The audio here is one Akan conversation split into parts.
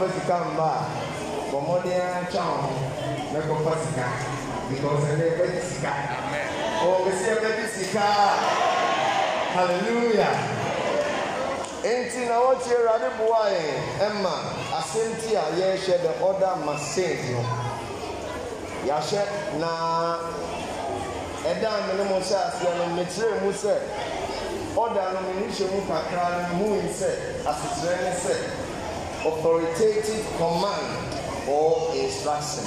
fa sika mba a bɔ mmɔden atwa wɔn ho mɛkɔfa sika because ɛnɛ ɛbɛgye sika wɔn kɛse ɛbɛgye sika hallelujah nti na wɔtie awurade boa yɛn ɛma asɛm ti a yɛrehyɛ the order machines no yɛahyɛ na ɛda a mene mo hyɛ aseɛ no mekyerɛ mu sɛ ɔda no mene hyɛ mu kakra mu yi sɛ asekyerɛ ne sɛ authoritative command or instruction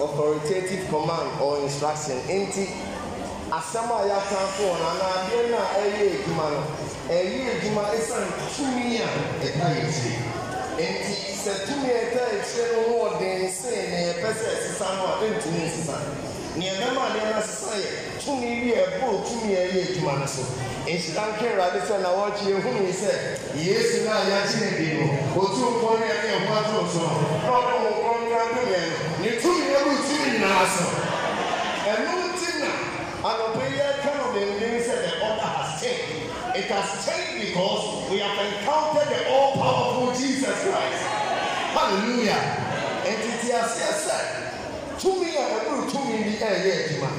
authoritative command or instruction nti asɛm a yɛaka fo wɔn anaa adeɛ no a ɛyɛ adwuma no ɛyɛ adwuma ɛsan tumi a ɛka akyire nti sɛ tumi a ɛka akyire no ho ɔden sen na yɛpɛ sɛ ɛsesa no a ɛntumi nsesa nea ɛbɛma adeɛ no asesa yɛ tumi wi ɛboro tumi ɛyɛ adwuma no so nhyira nkerade sɛ na wɔkye ehunu sɛ yesu na yɛakye ne bi no otu nkɔn no ɛne ɛho atoro so no na ɔde wɔn nkɔn no ano yɛ no ne tumi ɛbu tumi nyinaa so ɛno ti na anɔpɛ yi ɛka no denden sɛ the order has changed it has changed because we have encountered the all powerful jesus christ hallelujah ɛtete aseɛ sɛ tumi a ɛboro tumi bi ɛyɛ adwuma.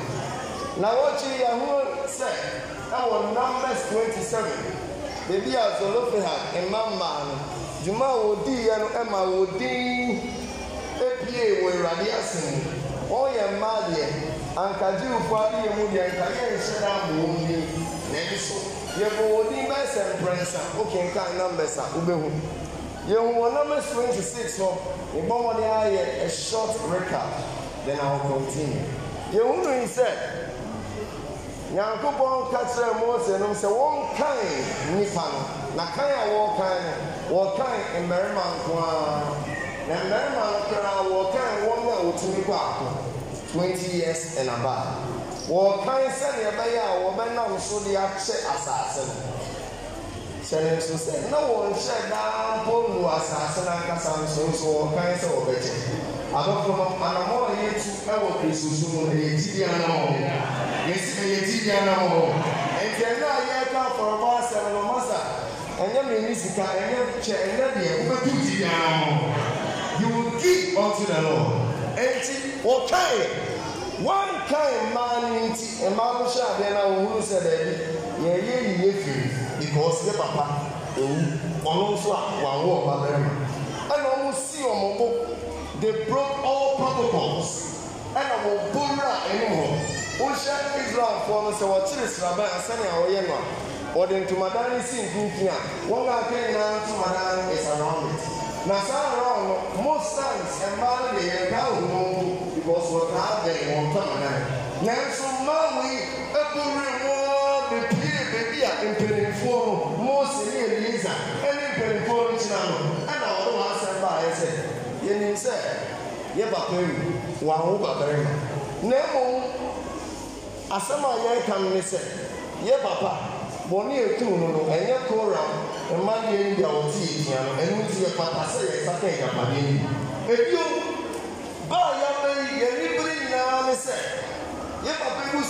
na wɔkyi yɛho sɛ ɛwɔ numbers twenty seven beebi a zolofehad mmammaa no dwuma a wɔdii yɛ no ɛma wɔdin epie wɔ awurade ase mu wɔyɛ mmaa deɛ ankagye adeɛ mu deɛ nhyɛ na ama so yɛbɔ wɔdin bɛyɛ sɛ mprɛnsa okenkan numbers a wobɛhu yɛhu wɔ numbers twenty six hɔ ayɛ a short record then i will continue nyankopɔn ka kyerɛ mose nom sɛ wɔnkan nnipa no na kan a wɔrekan no wɔrekan mmarima nko ara na mmarima koraa wɔrekan wɔn a wɔtumi kɔ ako 20 years and above wɔrekan sɛdeɛ ɛbɛyɛ a wɔbɛnam so de akyɛ asase no kyerɛ nso sɛ na wɔnhyɛ daa mpo nu asase no ankasa nso nso wɔrekan sɛ wɔbɛkyɛ abɔfra anammɔn a yɛtu wɔ kristu so mu na yɛgyidiɛ no wɔ yɛyɛ ti di anam hɔ nti ɛna a yɛka afɔrɔbɔ asɛm no masa ɛnyɛ mmienu sika ɛnyɛ kyɛ ɛnyɛ deɛ wobɛtu ti di anam hɔ you will give unto the lord nti wɔkae wɔn kae mmaa no nti mmaa no hyɛ adeɛ na wɔn huru sɛ baabi yɛyɛ yie firi because ne papa ewu ɔno nso a wɔawo ɔba barima ɛna wɔn si wɔn bo they broke all protocols ɛna wɔn bo nwura anim hɔ. wohyɛ israelfoɔ no sɛ wɔkyere sraban asɛnea wɔyɛ no a wɔde ntomadan no si mfimfini a wɔn a aka nyinaa ntomadan no is around na saa around no most times mmaa no de yɛn ka ohun because wɔtaa bɛn wɔn ntomadan nanso mmaa wei ɛkɔwura wɔn bebree beebi a mpanimfoɔ no mose ne eliezer ɛne mpanimfoɔ no gyina no ɛna wɔde wɔn asɛn baayɛ sɛ yɛnim sɛ yɛ papa yi wɔn aho babarima na mmom. asɛm a yɛreka no ne sɛ yɛ papa bɔne etuu no no ɛnyɛ koram mma deɛ ni no sɛ yi nyinaa ne sɛ yɛ papa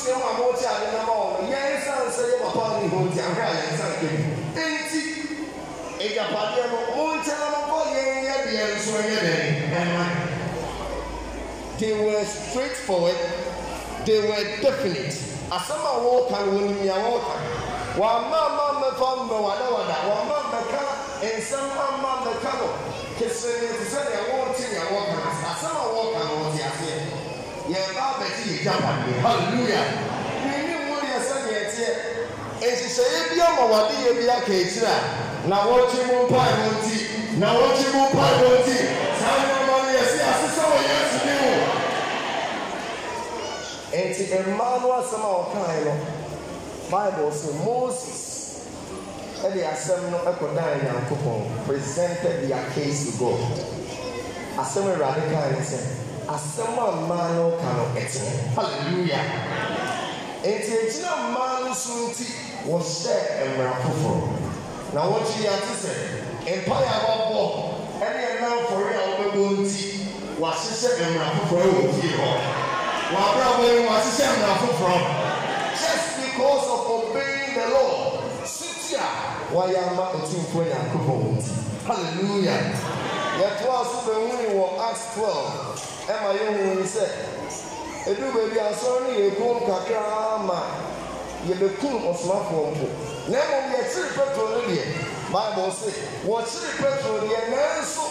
sua mu a wɔte ade nam a wɔn yɛn nsa yɛ papa ne ho ti ahwɛ a nka bi ɛnyapadeɛ no nkyɛn no bɔ deɛ nso ɛnma they were they were definite asɛm a wɔreka wɔn nyia wɔreka wɔn ama ama mɛfa mbɛ wadawada wɔn ama mɛka nsɛm ama mɛka no kesee te sɛ deɛ wɔrete deɛ wɔreka asɛm a wɔreka no wɔte aseɛ yɛba abɛgye yɛ japan deɛ hallelujah mmienu mu deɛ sɛ deɛ teɛ nhyehyɛeɛ bi ama wadeɛ bi aka akyire a na wɔrekye mu mpae wɔn ti na wɔrekye mu mpae wɔn ti saa. nti mmaa no asɛm a wɔkae no bible sɛ moses ɛde asɛm no ɛkɔdan nyankopɔn presented their case to god asɛm awurade kae ne sɛ asɛm a mmaa no ka no ɛteɛ halleluya nti agyina mmaa no so nti wɔhyɛ mmara foforɔ na wɔkye yɛate sɛ mpaeɛ a wɔbɔ ɛne ɛnamfɔre a wɔbɛbɔ nti wɔahyehyɛ mmara foforɔ wɔ fie hɔ wà á bẹ̀rẹ̀ wọ́n wá sísẹ́ ẹ̀mìnà fúnfúnrọ́. just because of obeying the law sitia wáyà má ètò ìfọ̀ yà kúbọ̀ wọ́n ti hallelujah. yẹtọ́ àsopẹ̀ ń wí wọ act twelve ẹ̀ máa yẹ wọ́n yìí sẹ́ edu baabi asọ́rọ́ ní yẹ kún kakra ama yẹ bẹ kún ọ̀sọ́nàfọ̀ mbọ̀ na mmom yɛkyere petro no deɛ bible se wɔkyere petro deɛ nanso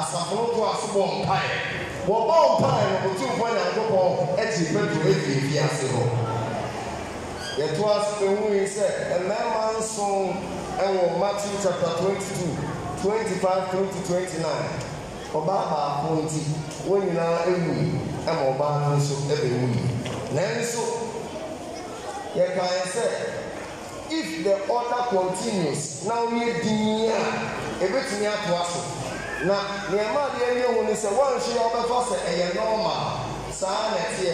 asafo no to asobɔ mpaeɛ wɔbɔ mpae no ɔtumfoɔ nyankopɔn ɛte petro ɛfiri fi ase hɔ yɛto asɛnwui sɛ mmarima nson ɛwɔ matthew chapter twenty two twenty five twenty twenty nine ɔbaa baako nti wɔn nyinaa ewu ɛma ɔbaa no nso ɛbɛwu nanso yɛkae sɛ if the order continues na wɔyɛ dinn a ebetumi ato aso na nneɛma deɛ ɛyɛ wo ni sɛ wɔnhwe yɛ ɔbɛfa sɛ ɛyɛ nɔɔma saa na ɛteɛ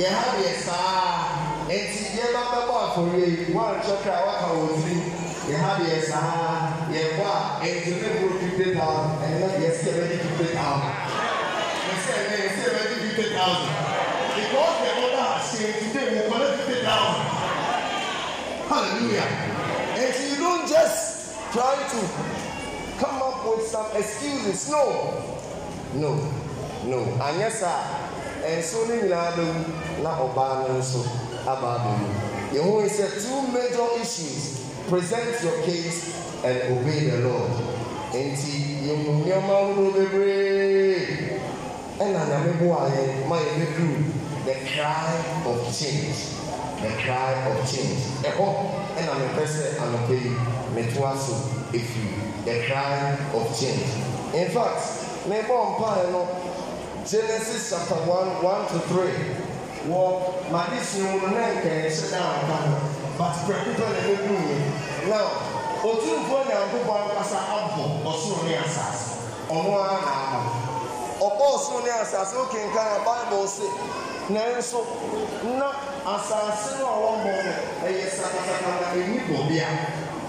yɛ ha deɛ saa eti yɛ ba bɛbɔ afɔwie wɔnhwɛ kra waka wɔn ti yɛ ha deɛ saa yɛ bɔ a eti ne bɔ fifty thousand ɛnna yɛ si ɛbɛ di fifty thousand ɛsɛ ɛnɛ yɛ si ɛbɛ di fifty thousand because yɛ bɔ daa se eti de mo kɔlɛ fifty thousand hallelujah eti you don just try to come up with some excuses no no no anyɛ saa ɛnso eh, ne nyinaa bɛ wu na ɔbaa no nso aba abɛwu yɛn ho sɛ two major issues present your case and obey the law nti yɛn mu nneɛma ahodoɔ bebree eh, ɛna nyame bo ayɛ ma yɛ bɛduru the cry of change the cry of change ɛhɔ eh, ɛna mepɛ sɛ anɔpɛ yi meto aso efiri. the cry of change. In fact, me bɔ mpa Genesis chapter one one to three wɔ madi si wɔn na nkɛyɛ na dan aka no but na ebi mu yɛ na otumfuo nyankopɔ ankasa abɔ ɔsoro ne asase ɔno ara na abɔ ɔbɔ ɔsoro ne asase okenkan a bible se nanso na asase no a wɔn bɔ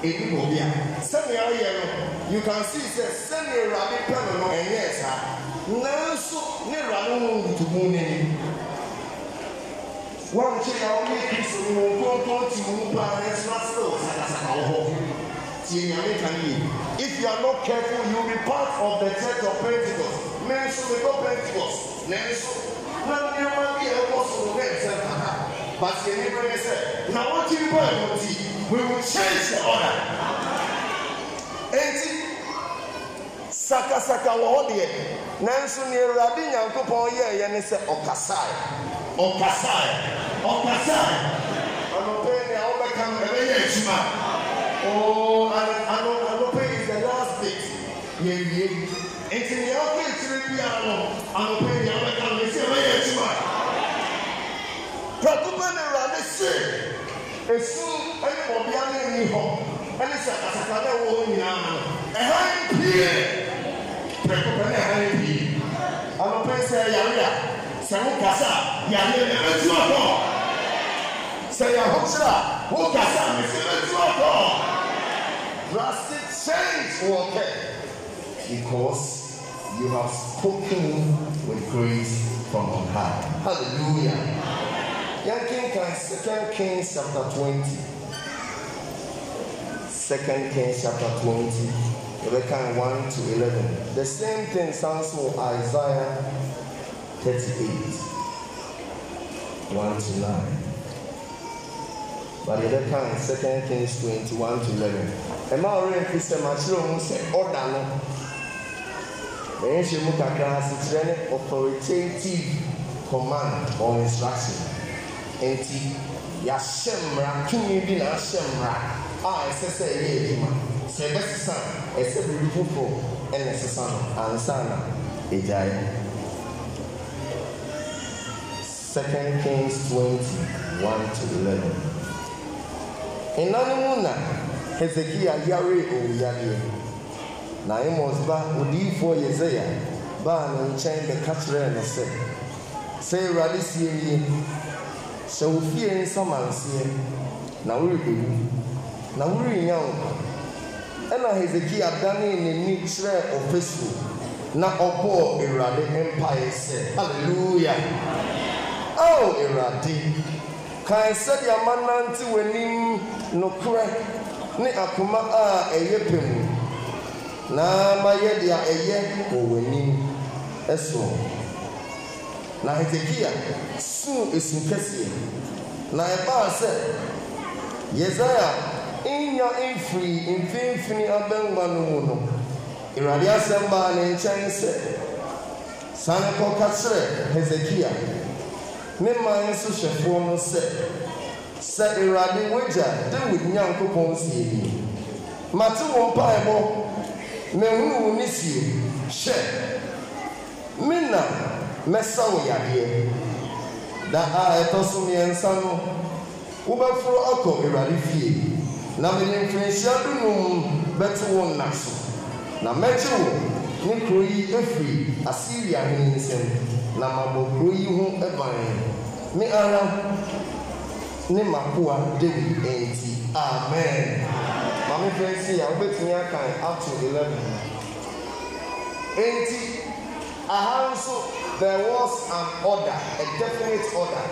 ebi wɔ bi a sɛnea no you can see sɛ sɛnea awurade pɛ no no ɛnyɛ saa nanso ne awurade ho ntumu n'anim wọn kye na wọn yɛ kristu no wɔn kɔnkɔn ti wɔn pa na ɛsɛ asɛ wɔ sakasaka wɔ hɔ tie nyame ka yie if you are not careful you will be part of the church of pentecost ne the God kɔ pentecost ne nso na nneɛma bi a ɛkɔ so no ne nsɛ pata basi ɛnibere sɛ na wɔn ti bɔ ɛwɔ ti we will change the order eti sakasaka wɔ hɔ deɛ nanso nea awurade nyankopɔn yɛ yɛ ne sɛ ɔkasae ɔkasae ɔkasae anɔpɛ nea wɔbɛka no ɛbɛyɛ adwuma oo ano anɔpɛ is the last bit yɛwie nti nea ɔkɔ akyire biara no anɔpɛ nea wɔbɛka no ɛsɛ ɛbɛyɛ adwuma prakupa ne awurade see esu ɛne ɔbea no ani hɔ ɛne sɛ asakada wɔ hɔ nyinaa no ɛhan pie prɛko pɛ ne ɛhan pie anɔpɛ sɛ yare a kasa yare ne bɛtu ɔtɔ sɛ yɛahokyerɛ a wo kasa ne sɛ bɛtu ɔtɔ drastic change wɔ kɛ because you have spoken with grace from on high hallelujah yɛn kenkan second kings chapter twenty second kings chapter twenty yɛbɛkan one to eleven the same thing sounds for isaiah thirty-eight one to nine but yɛbɛkan second kings twenty one to eleven ɛmaa ɔrɛ already sɛ makyerɛ ɔmo say order, no ɛyɛ nhyɛ mu kakra authoritative command or instruction nti yɛahyɛ mmara tumi bi na ahyɛ mmara a ɛsɛ sɛ ɛyɛ adwuma sɛ ɛbɛsesa ɛsɛ biribi foforɔ ɛna ɛsesa no ansa na ɛgyaeɛ second kings twenty one to eleven nna no mu na hezekiah yare owuyadeɛ na amos ba odiyifoɔ yesaia baa ne nkyɛn bɛka kyerɛɛ no sɛ sɛ awurade sie yie hyɛ wo fie nsamanseɛ na worebɛwu na worennya nkwa ɛna hesekia danee n'ani kyerɛɛ ɔfasuo na ɔbɔɔ awurade mpaeɛ sɛ halleluya ao awurade kae sɛdeɛ amanante w'anim nokorɛ ne akoma a ɛyɛ pɛ mu na ma yɛ deɛ ɛyɛ wɔ w'anim ɛso. na hezekia suu esum kɛseɛ na ɛbaa sɛ yesaia nya mfiri mfimfini abɛnwa no mu no awurade asɛm baa ne nkyɛn sɛ sane kɔka kyerɛ hezekia ne man so hyɛfoɔ no sɛ sɛ awurade wagya dawid nyankopɔn sie bi mate wo mpaebɔ mehunu wo ne sie hyɛ me na mɛsa wo yadeɛ da a ɛtɔ so mmiɛnsa no wobɛforo akɔ awurade fie na mene mfirinhyia dunum bɛto wo nna so na mɛgye wo ne kuro yi afiri asiria hene nsɛm na ma kuro yi ho ban me ara ne makoa david ɛnti amen mame fɛnsi a wobɛtumi akan ato 11 enti aha nso there was an order a definite order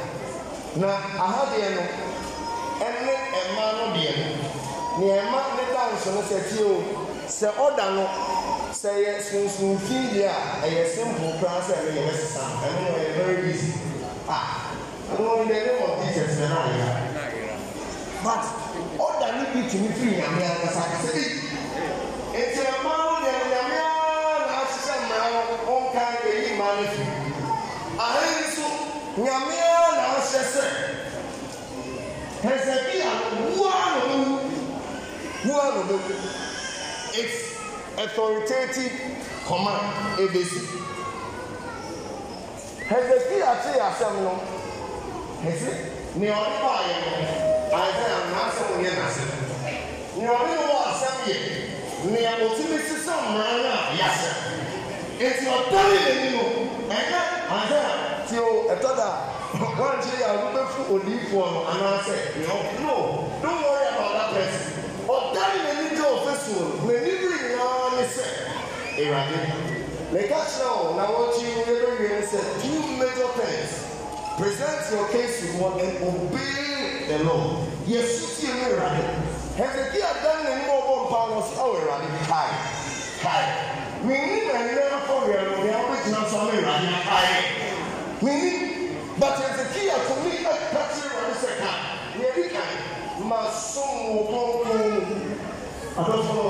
na ahadeɛ no ɛne ɛma no deɛ no nea ɛma ne da nso no sɛ tie o sɛ order no sɛ yɛ sunsunfin deɛ a ɛyɛ simple koraa sɛ ɛno yɛ bɛ sisa ɛno no yɛ very easy ah ɛno in the name of jesus ɛna ayɛ but order no bi tumi firi nyame ankasa kasa bi eti ɛma. nyame ara na ahyɛ sɛ hezekia wo ara na ɔbɛwu wo ara na ɔbɛwu it's authoritative command ebesi hezekia ti asɛm no hese nea ɔde ba ayɛ no isaiah n'asɛm yɛ n'ase nea ɔde wɔ asɛm yɛ nea otumi sisan mmeran a yasɛ eti ɔtɔn yɛ ni no ɛnɛ isaiah ti o ɛtɔ da wɔn ti yà ɔdún bɛ fún onífo ɔnù anáfɛ no no don't worry about that person ɔdá mi lè ní jẹ́ òfé sùn o lè ní bí ìyáwó ní sẹ́ ìràdé lè ká kyerɛ o na wɔn ti yẹ bɛ yẹ ní two major things present your case to God and obey the law yẹ sisi ní ìràdé hezekiah dan ne mu ɔbɔ mpa wɔ so ɔwɔ ìràdé káì káì wíní nàìjíríà fọwọ́ ìràdé ọ̀gbìn àwọn ìtìlá sọ ọmọ ìràdé káì but ezekiel to me ɛpɛtiri wɔn sɛ ka yɛ di kan ma sum wɔ kɔnkɔn mu adɔfo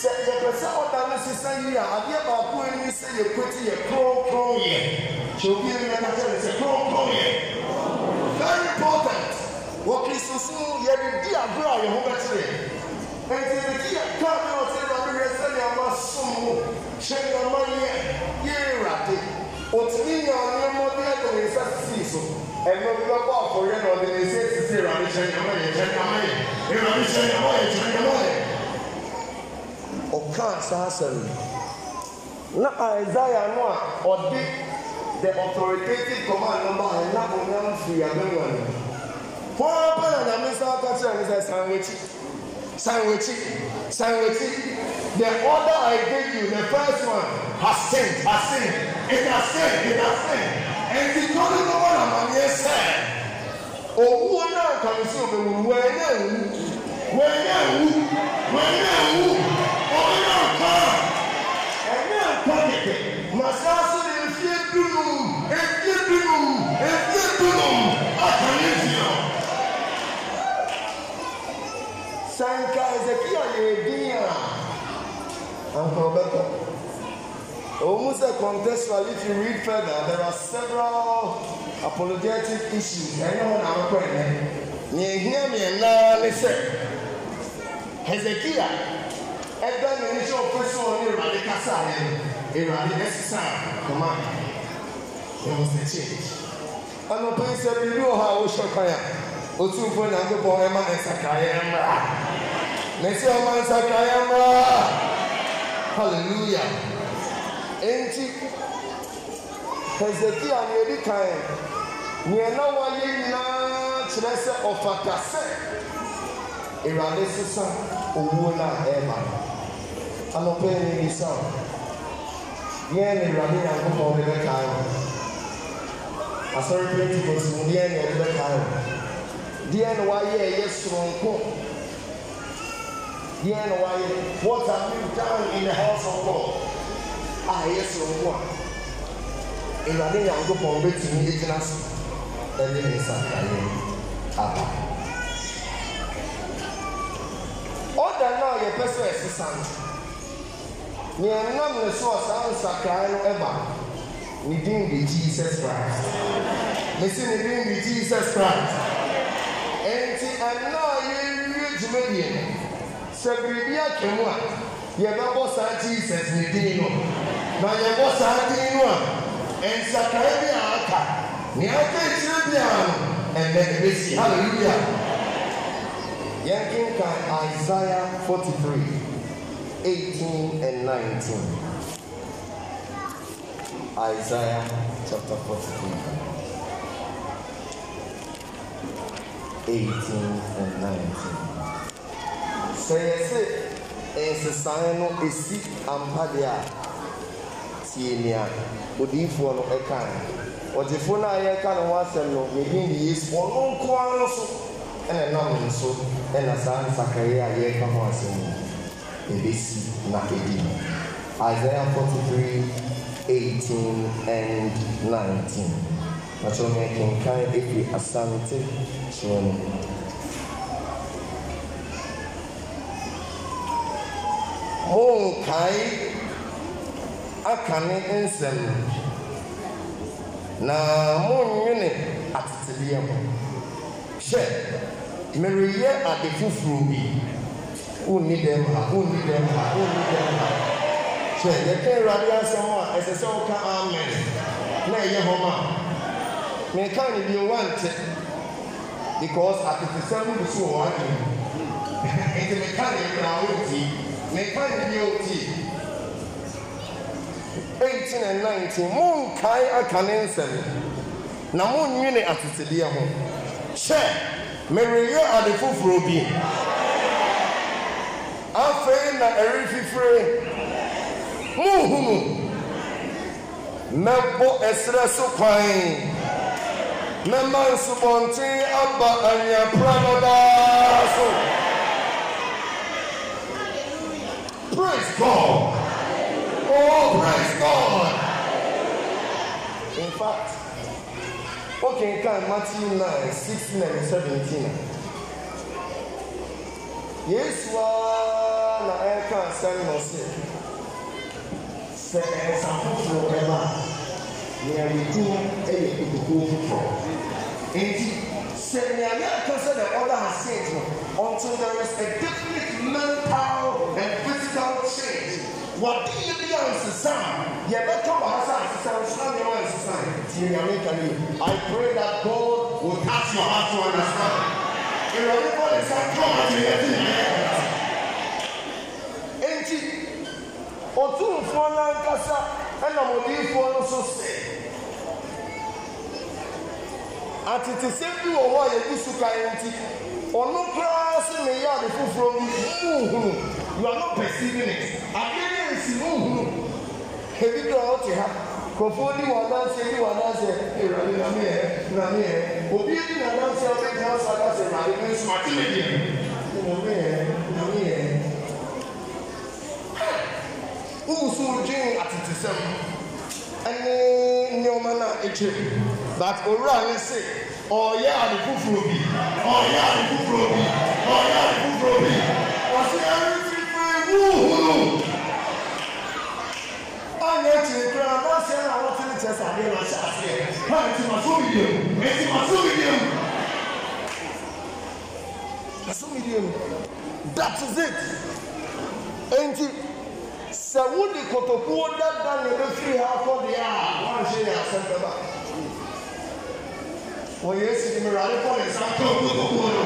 sɛ yɛpɛ sɛ ɔda no sisan yi a adeɛ baako ani sɛ yɛ kuti yɛ kɔnkɔn yɛ tí obi yɛ nyɛ n'akyɛ sɛ kɔnkɔn yɛ very important wɔ kristu so yɛ de di agorɔ a yɛ ho bɛtiri nti ezekiel kaa mi ɔsɛ ɛdɔm yɛ sɛ yɛ ma sum wo hyɛ nyɛ ma yɛ yɛ ewurade otumi nyɛ ɔnyɛ ɛnu bi ɔbɔ afɔwia na ɔde ne nsa esisi ɛwurade kyɛn nyama yɛ kyɛn nyama yɛ ɛwurade kyɛn nyama yɛ na aizaya no a the authoritative command no maa ɛna ɔnam firi abɛnwa no wɔn pa na nyame nsa aka kyerɛ ne sɛ san wɔkyi san wɔkyi san wɔkyi the order i gave you the first one has sinned has sinned it has sinned it has sinned nti tɔni no wɔ n'amaneɛ sɛ owuo naa kwan si omewu wɔn nyɛ nwu wɔn nyɛ nwu wɔn nyɛ nwu wɔn nyɛ nkwa ɛnyɛ nkwa kɛkɛ na saa so na efie dunum efie dunum efie dunum aka ne fie hɔ sanka ezekiel yɛ edin a anka ɔbɛtɔ. Almost contextually, if you read further, there are several apologetic issues. Anyone I'm going Near here, me now, listen. Hezekiah, ẹgbẹ́ mi ní sọ pé sọ ní ìrọ̀lẹ́ kásá rẹ̀ ìrọ̀lẹ́ ẹ̀sísà kọ́má. There was a change. Ọ̀nà pé sẹ́bi ní ọ̀hà oṣù kan yà, òtún fún ìdàgbẹ́bọ̀ ẹ̀ máa ń sàkàyẹ̀ ẹ̀ mìíràn. Mẹ̀sí ọ̀ máa Hallelujah. enti a nea edi na wayɛ nyinaa kyerɛ na awurade nyankopɔn de bɛkae no asɔre na ɛde bɛkae no deɛ na wayɛ ɛyɛ soronko deɛ na wayɛ what have you in the house of a ɛyɛ soronko a awurade nyankopɔn bɛtumi gyina so ɛne ne nsa kaeɛ aba ɔda no a yɛpɛ sɛ ɛsesa no nea ɛnam ne so a saa nsakrae no ɛba ne din de jesus christ mesi ne din de jesus christ ɛnti ɛna a yɛwie dwumadie no sɛ biribi atwa mu a yɛbɛbɔ saa jesus ne din no na yɛbɔ saa din no a nsakrae bi a aka nea aka nkyerɛ bi a no ɛnɛ ɛbɛsi hallelujah yɛnkenka isaiah 43 18 and 19 isaiah chapter 43 18 and 19. Sɛ yɛsɛ nsesan no esi ampa deɛ a tie nea odiyifoɔ no ɛka e e no ɔtefoɔ no a yɛka ne ho asɛm no yɛdin de yesu ɔno nkoa no so ɛna nam ne so saa a yɛka ho asɛm no ebesi na isaiah 43 18 and 19 natwerɛ me kenkan asante kyerɛ no monkae akane nsɛm na monnwene atetedeɛ ho hwɛ mereyɛ ade foforɔ bi wonni dɛm ha wonni dɛm ha wonni dɛm ha hwɛ yɛka awurade asɛm a ɛsɛ sɛ woka amen na ɛyɛ hɔ ma meka ne bio wante because atefesɛm bi so wɔ hɔ adwene nti meka ne kra wontie meka ne bio tie 18 and 19 monkae aka ne nsɛm na monnwene atetedeɛ ho hyɛ mereyɛ ade foforɔ bi afei na ɛre fifire monhu mu mɛbɔ ɛserɛ so kwan mɛma nsubɔnten aba anweapra no daa so praise god Oh, praise God. In fact, okay, kì í kan Matthew nine sixteen and seventeen. Yesu a na ẹ ka asẹm na ọsẹ. Sẹ ẹsa foforọ ẹ ma, nea yẹtu ẹ yẹ kotokuo foforọ. Eti sẹ nea yẹ akasa na ọda ase until there is a definite mental and physical change wɔde yɛ bi ansesa a yɛbɛtɔ wɔ ha sɛ ansesa nsona nneɛma ansesa tie nyame kane i pray that god will touch your heart to understand awurade bɔ ne sa tɔ ma ne yɛdi enti otumfoɔ no ankasa ɛnam odiyifoɔ no so se atetesɛm bi wɔ hɔ a yɛgu so kaeɛ nti ɔno koraa se meyɛ ade foforɔ mu nhunu you are not perceiving it adeɛ ne si nhunu ha nkurɔfoɔ ni wɔn adansi ni wɔn adansi ɛwurade na yɛ obi ni na adansi a wɔn gyina so adansi ɛwurade mi ati mi yɛ nami yɛ nami yɛ wusu dwen atete sɛm ɛne nneɛma na ɛkyɛ but owura ne se ɔyɛ ade foforɔ bi ɔyɛ ade foforɔ bi ɔyɛ ade foforɔ ní ekyir kura na dansi na wọn ti ne kyerɛ sɛ adeɛ na ahyɛ aseɛ ha eti ma so mi diem eti ma so mi diem ma so mi diem that is it eti sɛ wodi kotokuo dada na ebe firi ha akɔ deɛ a wɔn ahyɛ yɛ asɛm bɛba wɔ yɛ esi di mmerɛ ale kɔ ne nsa kɔ kotokuo no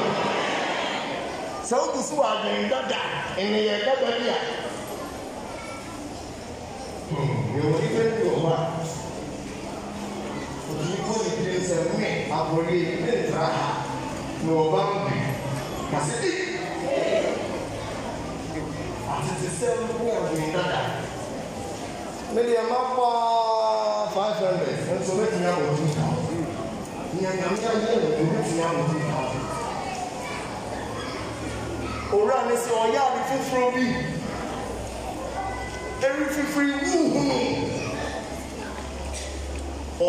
sɛ wogu so wɔ adwene dada ɛnɛ yɛ dada bi a wɔ nipa bi wɔ hɔ a otumi kɔ ne tirim sɛ mme abɔre ne ntra ha na ɔba mpe kase bi atete sɛ ne abiri dada ne deɛ ma paa five hundred nso mɛtumi abɔ two thousand nea nyame ayɛ ɛrififiri wuhunu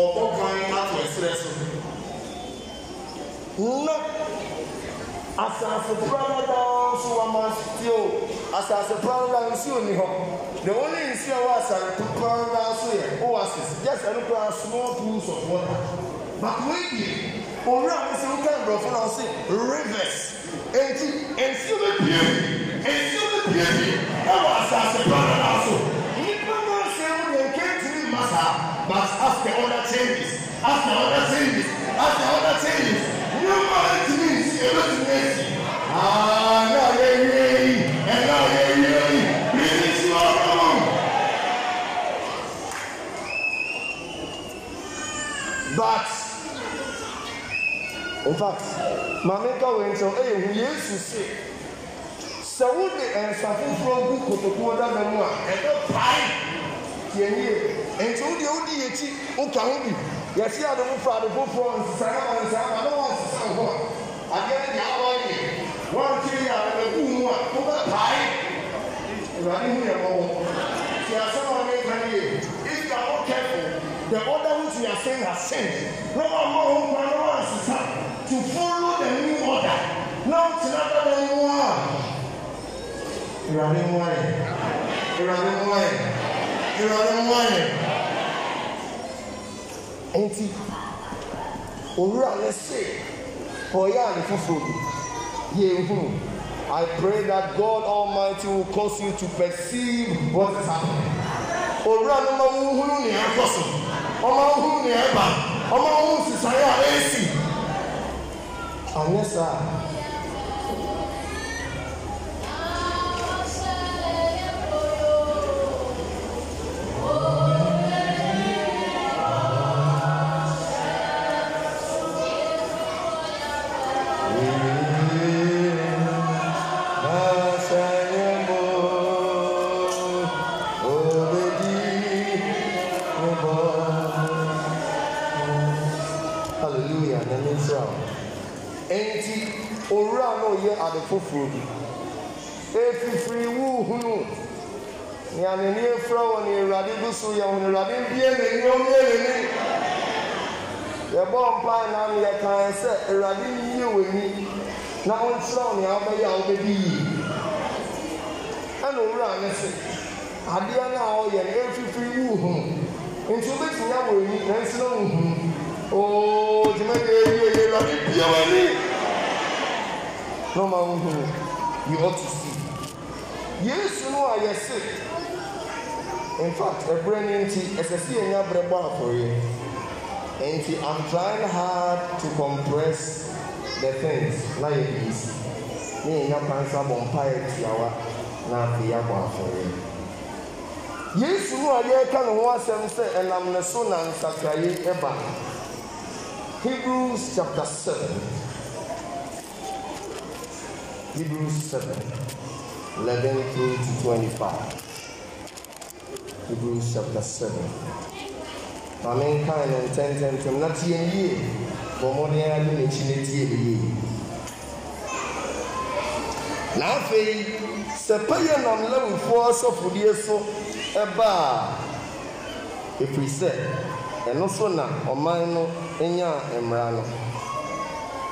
ɔbɔ kwan ato ɛsrɛ so na asase prada nso wama ti o asase prada nsuo ni hɔ na wɔn ne nsuo wɔ to prada nso yɛ oasis yes ɛno kora small pools of water but wei deɛ owura mi sɛ woka nborɔfo na ɔse rivers eti nsuo bɛ pie nsuo. as na ọdọ sẹyìn as na ọdọ sẹyìn ní ọmọ rẹ you ní ìsì ẹgbẹ ti ní ẹsì àná ọyẹ yẹ yìí ẹná ọyẹ yẹ yìí bíbí sí ọdún. but in fact maame kawo nkyɛn ɛyɛ hu yesu se sɛ wode from foforɔ gu kotokuo dada mu a ɛbɛ pae tiɛ yie nti wodeɛ wodi yɛ akyi woka ho yɛsi ade foforɔ ade foforɔ nsesa na wɔn nsa ama na wɔn nsesa wɔ adeɛ ne deɛ awɔ yɛ wɔn ti yɛ abɛbu mu a wɔbɛ paae ɛwurade hu yɛ wɔn ti asɛm a wɔn ka yɛ if you are not careful the order which you are saying has changed na wɔn ama wɔn kwan na wɔn nsesa to follow the new order na wɔn tena dada mu a ɛwurade mu ayɛ ɛwurade mu ayɛ ɛwurade mu ayɛ nti owura ne se kɔyɛ ade foforɔ bi yɛn i pray that god almighty will cause you to perceive what is happening owura no ma wo hunu nea ɛkɔ so ɔma wo hunu nea ɛba ɔma wo hunu sisaeɛ a ɛresi anyɛ saa. ɛbrɛ ni nti ɛsɛ yɛn abrɛ bɔ nti i'm trying hard to compress the things like this. bi yɛn apa nsa bɔ mpa yɛ tiawa na afei abɔ afɔre yesu no a yɛreka ne ho asɛm sɛ ɛnam ne so na ɛba hebrews chapter seven hebrews seven eleven through to twenty-five. Hebrews chapter 7. Mankind ntɛntɛn ntɛm na tie yie bɔ mmɔden ara de n'akyi na yie. E na afei sɛ pɛyɛ nam lewifoɔ asɔfodie so ɛba a na ɔman no nyaa mmara no.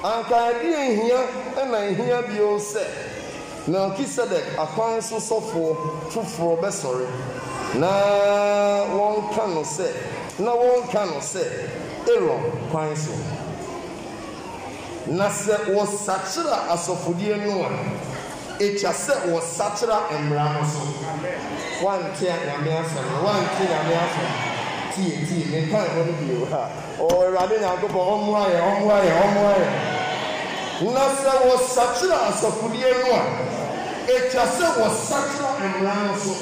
Anka na wɔnka no sɛ na wɔnka no sɛ aaron kwan so na sɛ wɔsakyera asɔfodeɛ no a ɛtwa sɛ wɔsakyera mmara no so wante nyame asɛm wante nyame asɛm tie tie meka ɛhɔ no bio ha ɔwurade nyankopɔn ɔmmoa yɛ ɔmmoa yɛ ɔmmoa yɛ na sɛ wɔsakyera asɔfodeɛ no a ɛtwa sɛ wɔsakyera mmara no so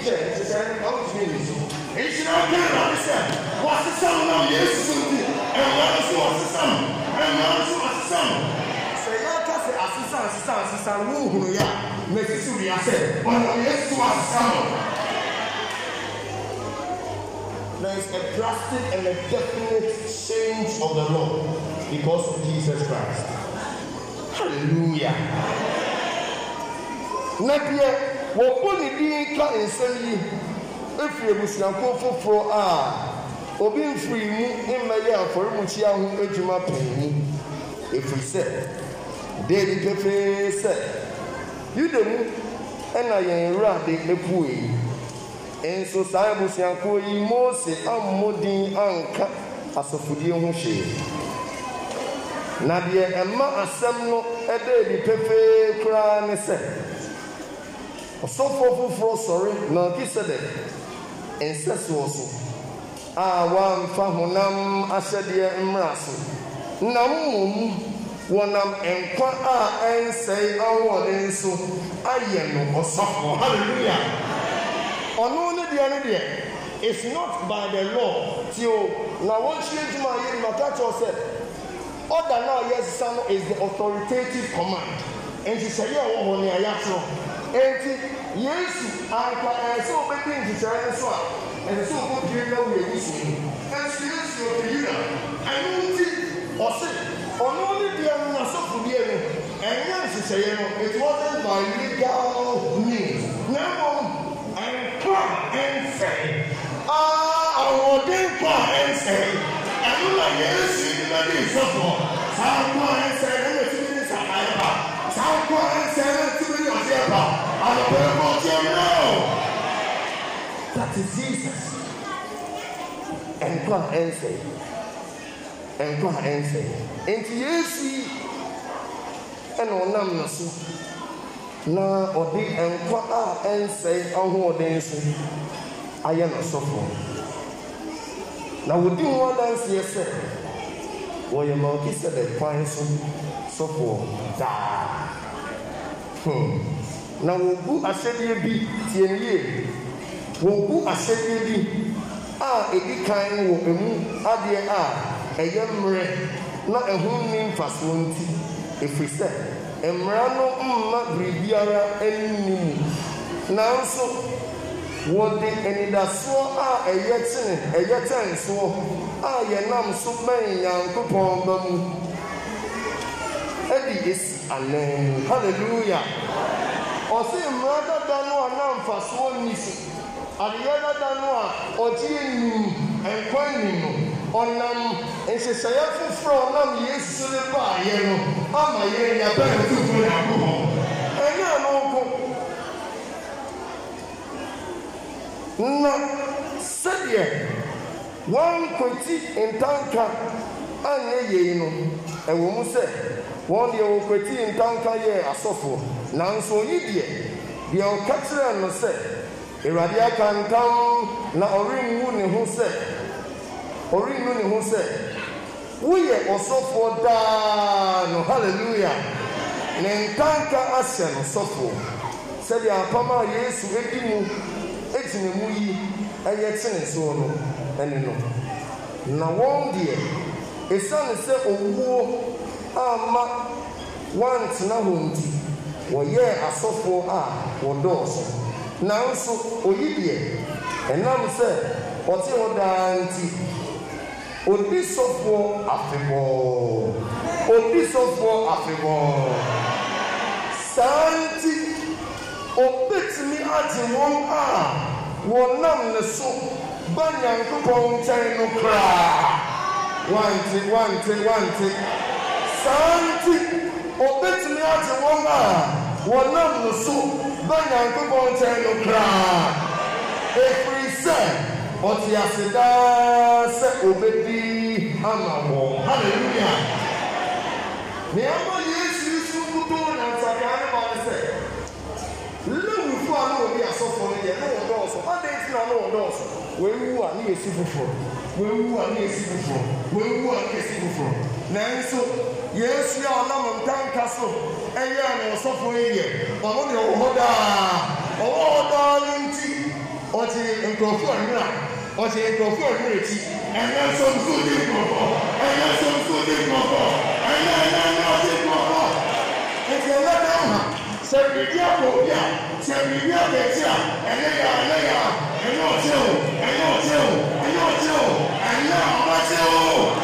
nkyɛ a There is a drastic and a definite change of the law because of Jesus Christ. Hallelujah. Not yet. wɔbɔ ne ka nsɛm yi efiri abusuakuo foforɔ a obi mfiri mu mmɛyɛ afɔremukyia ho adwuma pɛn mu efiri sɛ deedi pefee sɛ yuda mu ɛna yɛn wurade epue nso saa abusuakuo yi mose ammɔden anka asɔfodie ho hwee na deɛ ɛma asɛm no ɛda koraa ne sɛ ɔsɔfoɔ foforɔ sɔre melkisedek nsɛsoɔ so a wɔamfa honam ahyɛdeɛ mmra so na mmom wɔnam nkwa a ɛnsɛe ahoɔden so ayɛ no ɔsɔfoɔ halleluya ɔno ne deɛ no deɛ is not by the law ti o na wɔn hyɛ adwuma yɛ mmatakyɛw sɛ order na a yɛsesa no is the authoritative command nti sɛ yɛ wɔ hɔ ne a yɛatwerɛ eti yesu anka ɛsɛ ɔbɛdi nhyehyɛe no so a ɛsɛ sɛ ɔbɔdue na wo yɛwu so ɛnso yesu ɔpɛyi na ɛno nti ɔse ɔno ne deɛ no n'asɔfodeɛ no ɛnyɛ nhyehyɛeɛ no it wasn't by legal means na mmom ɛnkɔ ɛnsɛe aa ahoɔden kɔ ɛnsɛe ɛno na yesu na ne nsɔfoɔ saa nkɔ ɛnsɛe ɛna tumi ne sa ayɛ ba saa nkɔ ɛnsɛe ɛna tumi ne ɔdeɛ ba. That is Jesus. Nkwa nse. Nkwa nse. Nti Yesu na so na ɔde nkwa a nse ahoɔden so ayɛ na sɔfo. Na wɔdi ho adanseɛ sɛ wɔyɛ Melkisedek kwan so sɔfo daa. Hmm. na wɔngu asɛdeɛ bi tiennie wɔngu asɛdeɛ bi a ɛdi kan wɔ emu adeɛ a ɛyɛ mmerɛ na ɛho nni mfasoɔ nti ɛfiri sɛ mmara no mma biribiara anim nanso wɔde anidasoɔ a ɛyɛ kyene ɛyɛ kyɛnsoɔ a yɛnam so bɛn nyankopɔn ba mu ɛde esi anan mu hallelujah. ɔsi mmea dada no a n'amfasoɔ nyi n'isi adeɛ dada no a ɔgye enim nkwa ọ no ɔnam nhyehyɛeɛ foforɔ ɔnam yɛ sere baayɛ no ama yɛ yaba ntutu n'ako hɔ ɛnyɛ ano nko na sɛdeɛ wɔnkwati ntanka anyɛ yɛn no ɛwɔ mu sɛ wɔn deɛ wɔkwati ntanka yɛ asɔfoɔ. nanso oyi deɛ deɛ ɔka kyerɛ no sɛ awurade aka ntam na ɔrenwu ne ho sɛ ɔrenwu ne ho sɛ woyɛ ɔsɔfoɔ daa no hallelujah ne ntanka ahyɛ no sɔfoɔ sɛdeɛ apam a yesu edi mu eti ne mu yi ɛyɛ kyene soɔ no ɛne no na wɔn deɛ esiane sɛ owuo ama wɔantena wɔn ti. wɔyɛɛ asɔfoɔ a wɔdɔɔso nanso oyi deɛ ɛnam sɛ ɔte hɔ daa nti odi sɔfoɔ afebɔɔ odi sɔfoɔ afebɔɔ saa nti obetumi agye wɔn a wɔnam ne so ba nyankopɔn nkyɛn no koraa wante wante wante saa nti obetumi ate wɔn a wɔnam no so bɛ nyankopɔ nkyɛn no koraa efiri sɛ ɔte ase daa sɛ obedi ama wɔn hallelujah nneɛma yesu su dodoɔ na nsadeɛ ano ba no sɛ lewifo a na obi asɔfo no yɛ ne wɔn dɔɔso ɔdan ti na ne wɔn dɔɔso ewu a ne si foforɔ wɔn ewu a ne si foforɔ wɔn ewu a ne si foforɔ nanso yesu a ɔnam ntanka so ɛyɛ ne ɔsɔfo yi yɛ ɔno deɛ ɔwɔ hɔ daa ɔwɔ hɔ daa no nti ɔte nkurɔfoɔ nwura ɔte nkurɔfoɔ nwura akyi ɛnyɛ nso nso di nkurɔfo ɛnyɛ nso nso di nkurɔfo ɛnyɛ ɛnyɛ ɛnyɛ ɔdi nkurɔfo nti ɛnyɛ dan ha sɛ akɔ obi a sɛ akɔ akyi a ɛnyɛ yɛ ɛnyɛ yɛ a ɛnyɛ ɔkyɛ o ɛnyɛ ɔkyɛ o ɛnyɛ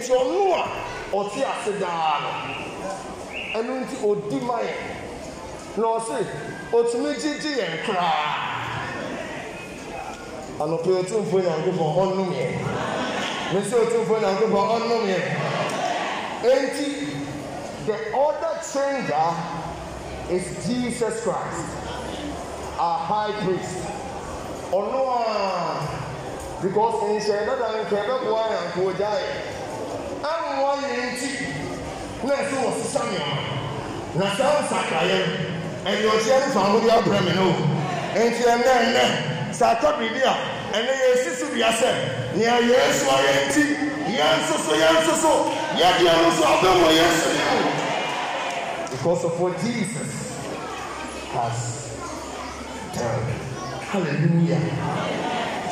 nti ɔno a ɔte ase daa no ɛno nti ɔdi ma yɛn na ɔse ɔtumi gyegye yɛn koraa anɔpɛ otumfo nyankopɔ ɔnom yɛn me sɛ otumfo nyankopɔ ɔnom yɛn enti the other changer is jesus christ our high priest ɔno a because nhyɛn dada nkɛ bɛboa yɛn nkoogya yɛn wɔyɛ nti na ɛsɛ wɔ sisa nneɛma na saa nsakraeɛ ɛyɛ ɔhyɛ nfa ho de abrɛ me no nti ɛnɛ ɛnɛ saa tɔ biribi a ɛnɛ yɛ esi so bia sɛ nea yɛsu ayɛ nti yɛn soso yɛn soso yɛde ɛno so abɛmɔ yɛsu ne mu because of what jesus has done hallelujah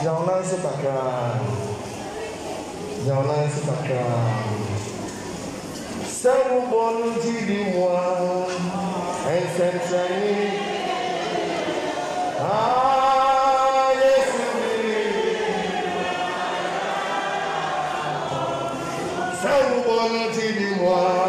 gyina wɔn nan so kakraa gyina wɔn nan so kakraa sɛ wobɔ no gyidi mu a ɛnsɛnsɛne yesu biri sɛ wobɔ no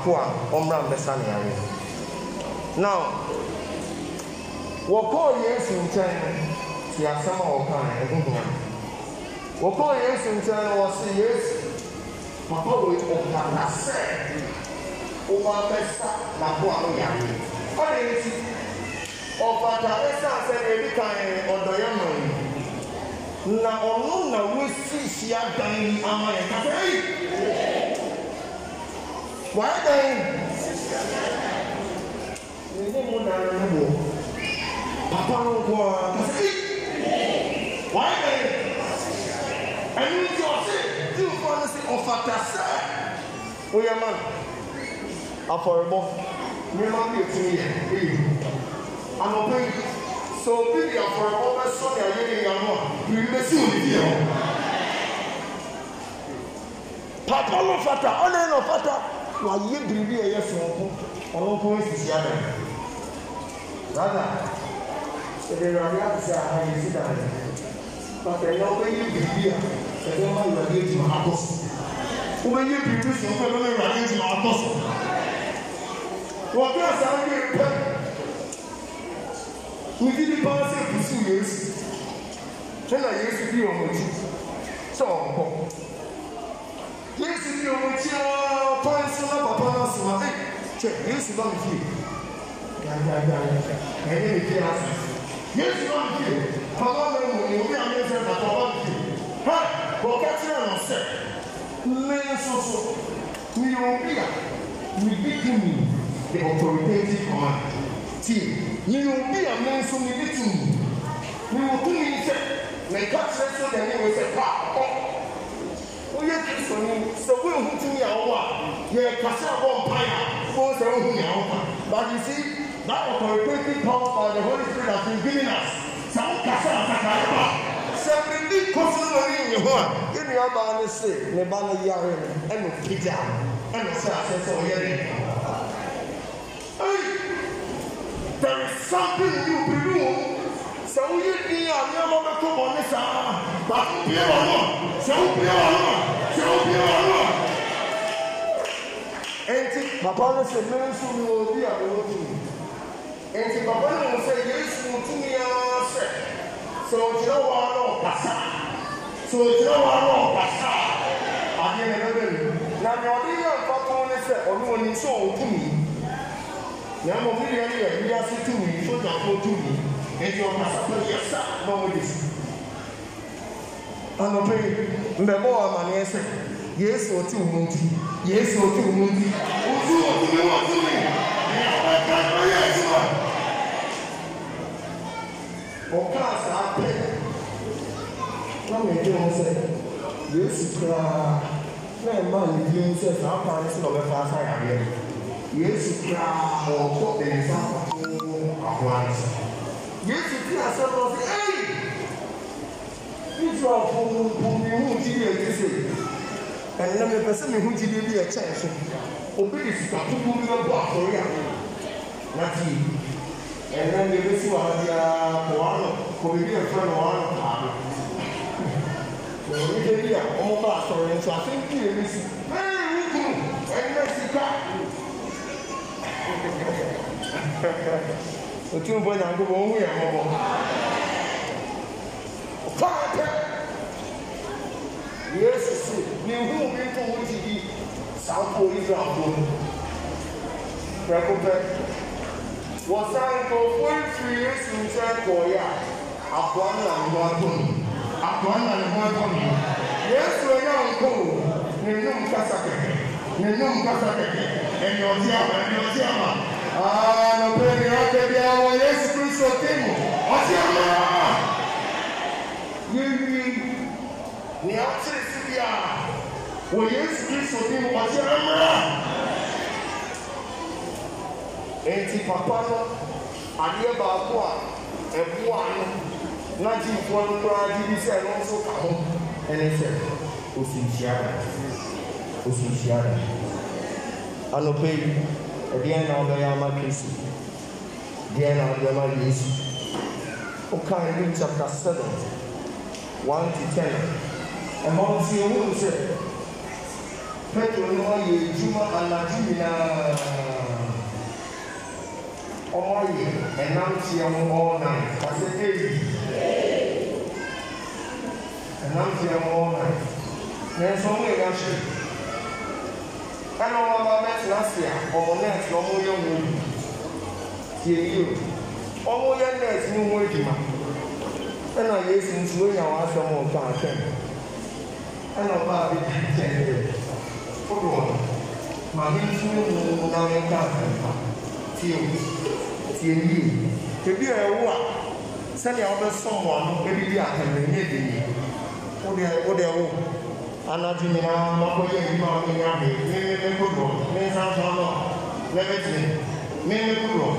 baako a ɔmmra mbɛsa ne yare now wɔkɔɔ yesu nkyɛn te asɛm a wɔkaa ɛho hia wɔkɔɔ yesu nkyɛn no wɔse yesu papa wei ɔkata sɛ wɔn abɛsa n'aboa no yare ɔde ne ti ɔbata ɛsa sɛ ebi kan ɔdɔyɛ e, mɔnyi e. na ɔno na wosi hyia dan e, ama yɛ kasa yi. One thing. You need more than you know. Papa no go on. One thing. And you need your say. You want to say offer to say. Oh yeah man. Afọrọbọ. Ní ma eh. bí ètí yẹ. Anọ̀pẹ́ yìí. Sọ bí di afọrọbọ bẹ sọ ní ayé ní ìyàwó a, ìrìn bẹ sí òní bí Papa ló fata, ọ̀nà ẹ̀ lọ fata wàyé biribi a ɛyɛ fún ɔkó ɔmo kó esisi ama rada ɛdè nwadi asese aha yɛ si da yɛ pata yɛ ɔbɛyɛ biribi a ɛdè ma nwadi edwuma atɔ so ɔbɛyɛ biribi so ɔbɛyɛ ma nwadi edwuma atɔ so wɔkɛ asa ɔyɛ pɛ wòdi nipa ase kusi yesu ɛna yesu di ɔmo ti sɛ ɔkɔ yesu ni ohun tí a pan sí wọn bàbá náà sùn wọn ẹ tẹ yesu náà fi ẹyẹ ìdí àti yesu náà fi bàbá mi wù ní omi àmì ẹsẹ bàbá wa fi ha wọ kẹtí ẹnu sẹ lẹ́yìn soso ní omi à ní bíbí mi the authoritative command ti ní omi àmì ẹsẹ mi bí tù mí ní omi mi sẹ mẹ ká tẹ ẹsẹ lẹ́yìn ẹsẹ pa ọ woyɛ kristoni sɛ woehu ti nea wowɔ a yɛkasa bɔ mpae a wo sɛ wohu nea woka but you see that authoritative power by the holy spirit has been given us sɛ wokasa asakaa ba sɛ mede kɔsi no ne nye ho a ne nuabaa no se ne ba no yare no ɛna pagya ɛna sɛ asɛ sɛ ɔyɛ ne There is something you sɛ woyi din a nneɛma bɛtɔ bɔne saa baako pie wɔ no a sɛ wopie wɔ no a sɛ wopie wɔ no a enti papa no sɛ me nso me wɔ bi a mewɔ tumi enti papa no wɔ sɛ yesu wɔ tumi ara sɛ sɛ ɔgyina wɔ ara na ɔkasa sɛ ɔgyina wɔ ara na ɔkasa adeɛ na ɛbɛbɛ mu na nea ɔde yɛ mfa to ne sɛ ɔno wɔ ne nso ɔwɔ tumi na mmom ne deɛ no yɛ wiase tumi sogyafoɔ tumi nti ɔmo asafo yasa na ɔmo di si anɔpɛ mbɛbɔ amaneɛ sɛ yesu ɔte wɔn ti yesu ɔte wɔn ti otu otu mi wɔn ti mi ɛyà ɔbɛka ɔyɛ adwuma ɔkaa saa pɛ na mɛdi wɔn sɛ yesu koraa na ɛmaa ne bi mu sɛ saa paa ne so na ɔbɛfa asa yareɛ yesu koraa ɔkɔ ɛnsa ahoa ne yesu ti asɛm no ɔsɛ ei israelfo me hu gyidie ti se ɛnɛ mepɛ sɛ mehu gyidie bi ɛkyɛn so obi de sikakoko bi bɛbɔ afɔre a na tie ɛnɛ mebɛsi wɔ ha biara kɔwano kɔbibi ɛfrɛ no wɔano paa wɔnidɛ bi a ɔmɔba asɔre nso asɛm pii ɛbi si ee wukuru ɛnɛ sika otumfoɔ nyankopɔn ɔhu yɛn mmɔbɔ ɔpaa pɛ yesu se mehu bi nto wo ti bi saa kɔ israelfoɔ mu prɛko pɛ wɔsan nkurɔfoɔ yesu nkyɛn kɔɔeɛ a akoa na ne ho atɔ no akoa no na ne ho atɔ no yesu ɛnyɛ nko ne nnum kasa kɛkɛ kasa kɛkɛ ɛnyɛ ɔte ama ɛnyɛ ɔte ama na upendo wake biao wa Yesu Kristo timu ɔsiama yɛwi nea ɔkyerɛ si bi a wɔ Yesu Kristo timu ɔsiama eti papa no adeɛ baako a ɛboa no na gyefoɔ no koraa gye bi sɛ ɛno nso ka ho ɛne sɛ osinhyia da osinhyia da anɔpɛ yi ɛdeɛn na ɔbɛyɛ ama kristo deɛn na ɔde ama yesu woka luke chapter seven one to ten ɛma nti ehu sɛ petro no ɔyɛ adwuma anadwo nyinaa ɔyɛ ɛnam teɛ ho ɔɔnan kasɛ ɛyi ɛnam teɛ ho ɔɔnan nanso ɔmo yɛ yɛahyɛ ɛna wɔn ba bɛtena ase a wɔn nɛɛse na wɔn yɛ wɔn adwuma tie yie o wɔn yɛ nɛɛse ne wɔn adwuma ɛna yesu nso wɔnya wɔn asɛm wɔ ba atɛm ɛna ɔbaa bi kyɛn dɛ kodoɔ maame nso ne mu na ka asɛmpa tie o tie yie ebi a ɛwɔ a sɛdeɛ wɔbɛsɔn wɔn ano ebi di atɛm na enye de yie o deɛ anadi nyina mɔkɔyɛ adwuma a ɔne nyɛ abɛ ne ne ne kodoɔ ne nsansan no lɛbɛtiri ne ne kodoɔ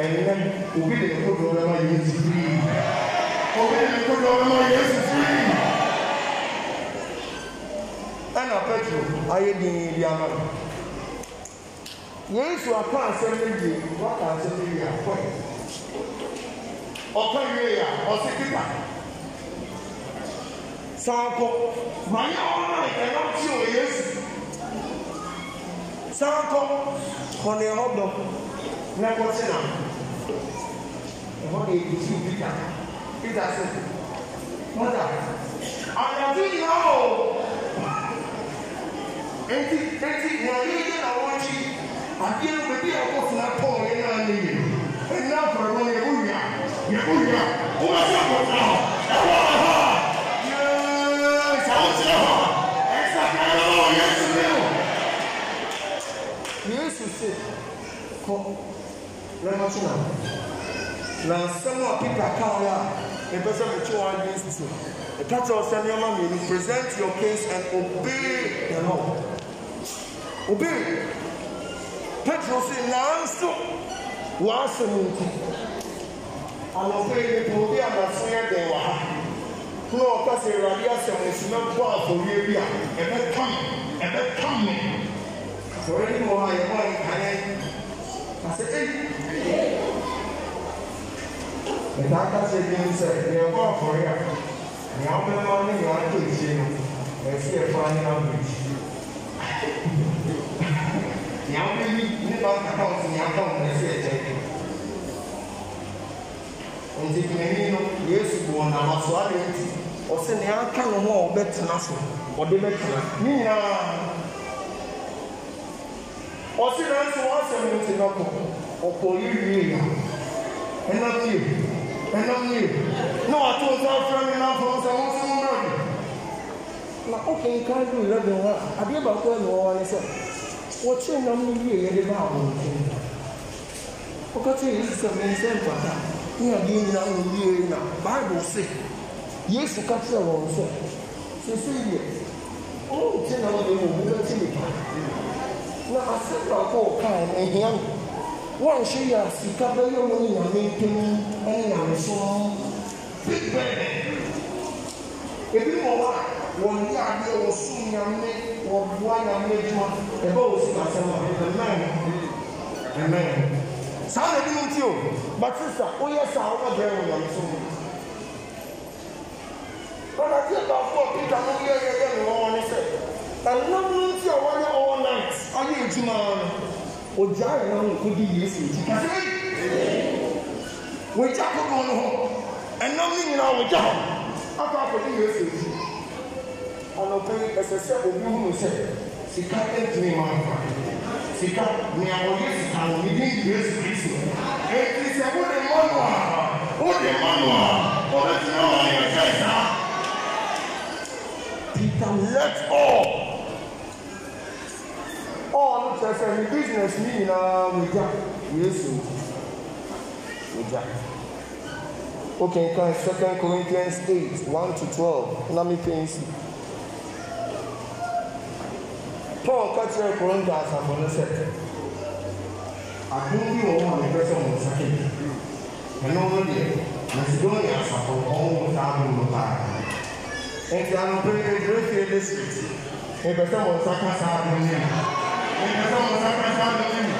ɛnɛ obi de ne kodoɔ no ma yɛ esi firii obi de ne kodoɔ no ma yɛ esi firii ɛna petro ayɛ dinn bi ama no yesu aka asɛm no die waka asɛm no wie a kɔɛ ɔka wie a ɔsi tipa sanko manya ɔna ɛna ti o yesu sanko kɔni ɛhɔ dɔ n'ɛkɔ ti na ɛhɔ de ebi ti pita pita so mɔta ayati yi hã o eti eti nyɔnyi yi na wɔn akyi adeɛ no beebi a wɔkɔ funa pɔl yi naa ne yie ɛna afɔlɔ yɛ wuyia yɛ wuyia wɔn asɛ akɔta hɔ ɛwɔ. yesu ne hɔ yesu se kɔ na matena na nsɛm a peter kae a mepɛ sɛ mete wɔ adwen sisi ɛka kyerɛ sɛ nneɛma mmienu present your case and obey the law obey petro se nanso wɔasɛ mu nti anɔpɛ yi nipa obi a naso yɛ dɛn wɔ ha na ɔka sɛ awurade asɛm nsi mɛbɔ afɔwie bi a ɛbɛtam ɛbɛtam me asɔre ne wɔ hɔ a yɛbɔ nkane asɛ ei ɛda aka sɛ bi sɛ yɛbɔ afɔre a nea wobɛma ne nea wotɔ akyie no ɛsi ɛfa ne abɔ akyi nea wobɛyi ne ba account nea account na ɛsɛ ɛkyɛ nti kumani no yesu bɔ n'amasoa de nti ɔsɛ nea aka ne ho a ɔbɛtena so ɔde bɛtena ne nyinaa ɔsi na nso wasɛm no ti nɔkɔ ɔkɔ yiwie ya ɛnam yie ɛnam yie na wato nsa afra mi n'afɔ nsa wɔn nso mura mi na ɔkɔ nka do yɛ do ha adeɛ baako ɛna ɔwɔ ne sɛ wɔkyerɛ nam no yie yɛde ba awɔ nkyɛn ɔkɔ kyerɛ yi sɛ mi nsɛm pata ne adeɛ nyinaa no yie na baibul sɛ yesu ka kyerɛ wɔn sɛ sese yie wɔn ti na wɔn mu wɔn bɛti nipa na ase baako ɔkaa no ehia no wɔn hyɛ yɛ sika bɛyɛ wɔn nyame mpem ɛne nyamesom big bɛn ebi wɔ hɔ a wɔn yɛ adeɛ wɔ so nyame wɔ boa nyame adwuma ɛbɛ wɔ sika sɛm a amen amen saa na ebi mu ti o batista oyɛ saa ɔbɛbɛn wɔ nyamesom wọn àti ẹgbàáfọ peter ló ní ẹyẹ ẹyẹ ni wọn ní sẹ ẹnam ní ti a wọn yẹ all night ayé ìjùmọ ọrùn ọjà yẹn náà nkó di yéésù ìjì kàfé wọn ìjà kókó wọn hó ẹnam ní nyinaa wọn jà hó akọ akọ di yéésù ìjì ọlọpẹ ẹsẹ sẹ obi hùn sẹ sika ẹntìní máa fà sika ní àwọn yẹ sika wọn ní bí yéésù kristu ètí sẹ wọn di mọnù à wọn di mọnù à wọn bẹ tẹ náà wọn yẹ. get all all no kyerɛ sɛ ne business ne nyinaa mogya yesu mogya wokenkan second corinthians eight, one to twelve. na mepɛ nsi paul ka kyerɛ korinto asafo no sɛ adom bi wɔ hɔ a mepɛ sɛ mo nsa ke ɛno no deɛ nti anopere edwere fie ne street mpɛ sɛ wɔn nsa kasa ano ne mu mpɛ sɛ wɔn nsa kasa ano ne mu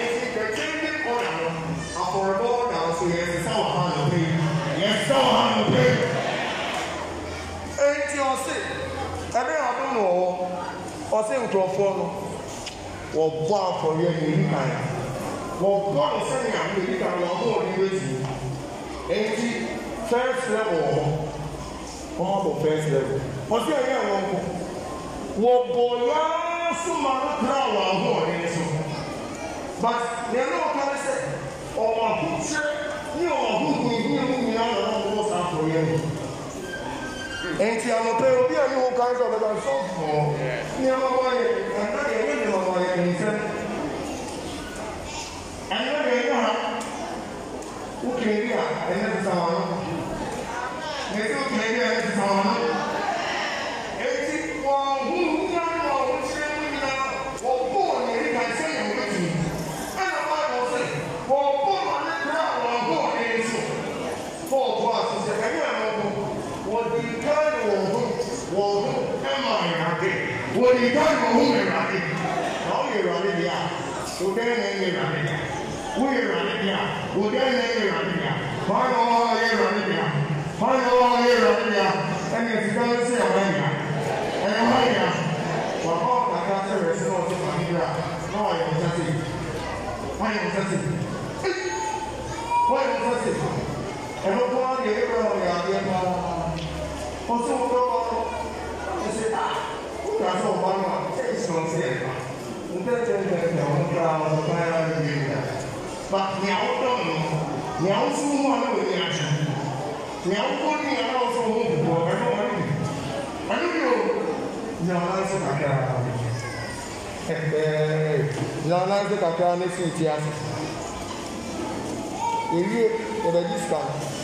nti kɛtɛnbi kɔda no afɔrebɔ kɔda no so yɛn nsa wɔ ha anopere yɛn nsa wɔ ha anopere eti ɔsi ɛbɛn ɔdo no wɔ ɔsi nkurɔfoɔ no wɔbɔ afɔre ɛna eyi kan wɔbɔ no sɛnea ɛna eyi kan wɔn a wɔn ɔdi wɔ eti fɛn fɛn wɔ hɔ wọn bọ̀ first level ọtí ẹ̀yẹ wọn kọ wọ́n bọ̀ lásùmọ̀ náà wọ́n ahọ́ ọ̀rẹ́ sọ but yẹn náà kọ́ ẹ sẹ́ ọmọ àkúnṣe ní ọmọ àkúnṣe ní ìlú mìíràn lọ́wọ́ wọ́n sá fọ yẹn lọ. Enti anọpẹ obi a ni wọn kan sọ bẹba sọ fọ ní ọmọ wọn yẹ ẹnna yẹ ní ìlú ọmọ yẹ nfẹ ẹnna yẹ ní ha wọ́n kiri bí a ẹnna ti sá wọn wòlíì dáàbò ọ̀hún mẹ̀rọ adé na ọ̀ yẹ̀rọ adé bíà òdẹ́ ẹ̀ nà ẹ̀ yẹ̀rọ adé bíà wọ́n yẹ̀rọ adé bíà òdẹ́ ẹ̀ nà ẹ̀ yẹ̀rọ adé bíà báyọ̀ ọ̀. wọ́n yẹ nsa sí wọ́n yẹ nsa sí ẹ̀rọ bọ́ ọ́ yẹ ẹ̀rọ ọ̀yà adé pa ọ́ sọ wọ́n bọ́ ọ́ ẹ sẹ́ a ó gbà sọ ọ̀bá nù a ṣe é sọ sí ẹ̀ pa n tẹ́ tẹ́ tẹ́ tẹ́ ọ̀hún kúrò àwọn ọ̀bá yà rẹ̀ yẹ wíyà bá ní àwọn dọ̀ nù ní àwọn sún mú àwọn ọ̀hún ní àjù ní Zananze kakra ne si ti ase. Ewie, yɛbɛgye sika no.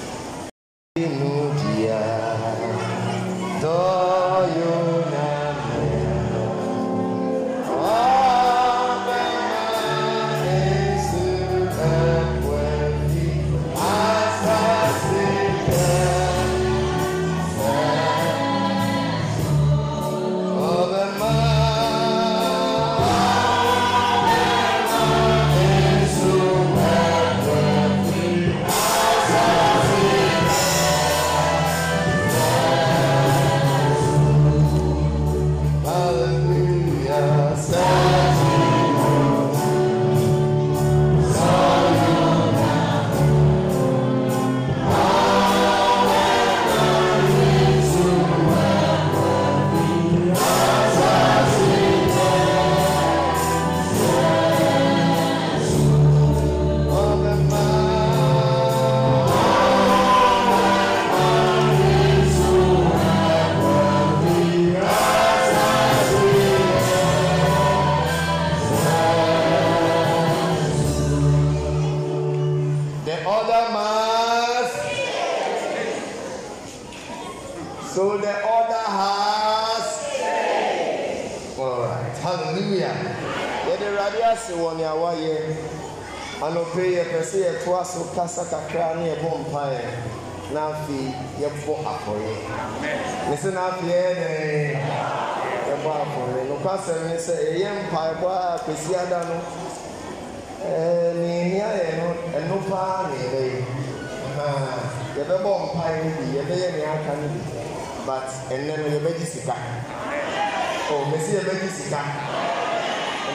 sɛ yɛbɛgye sika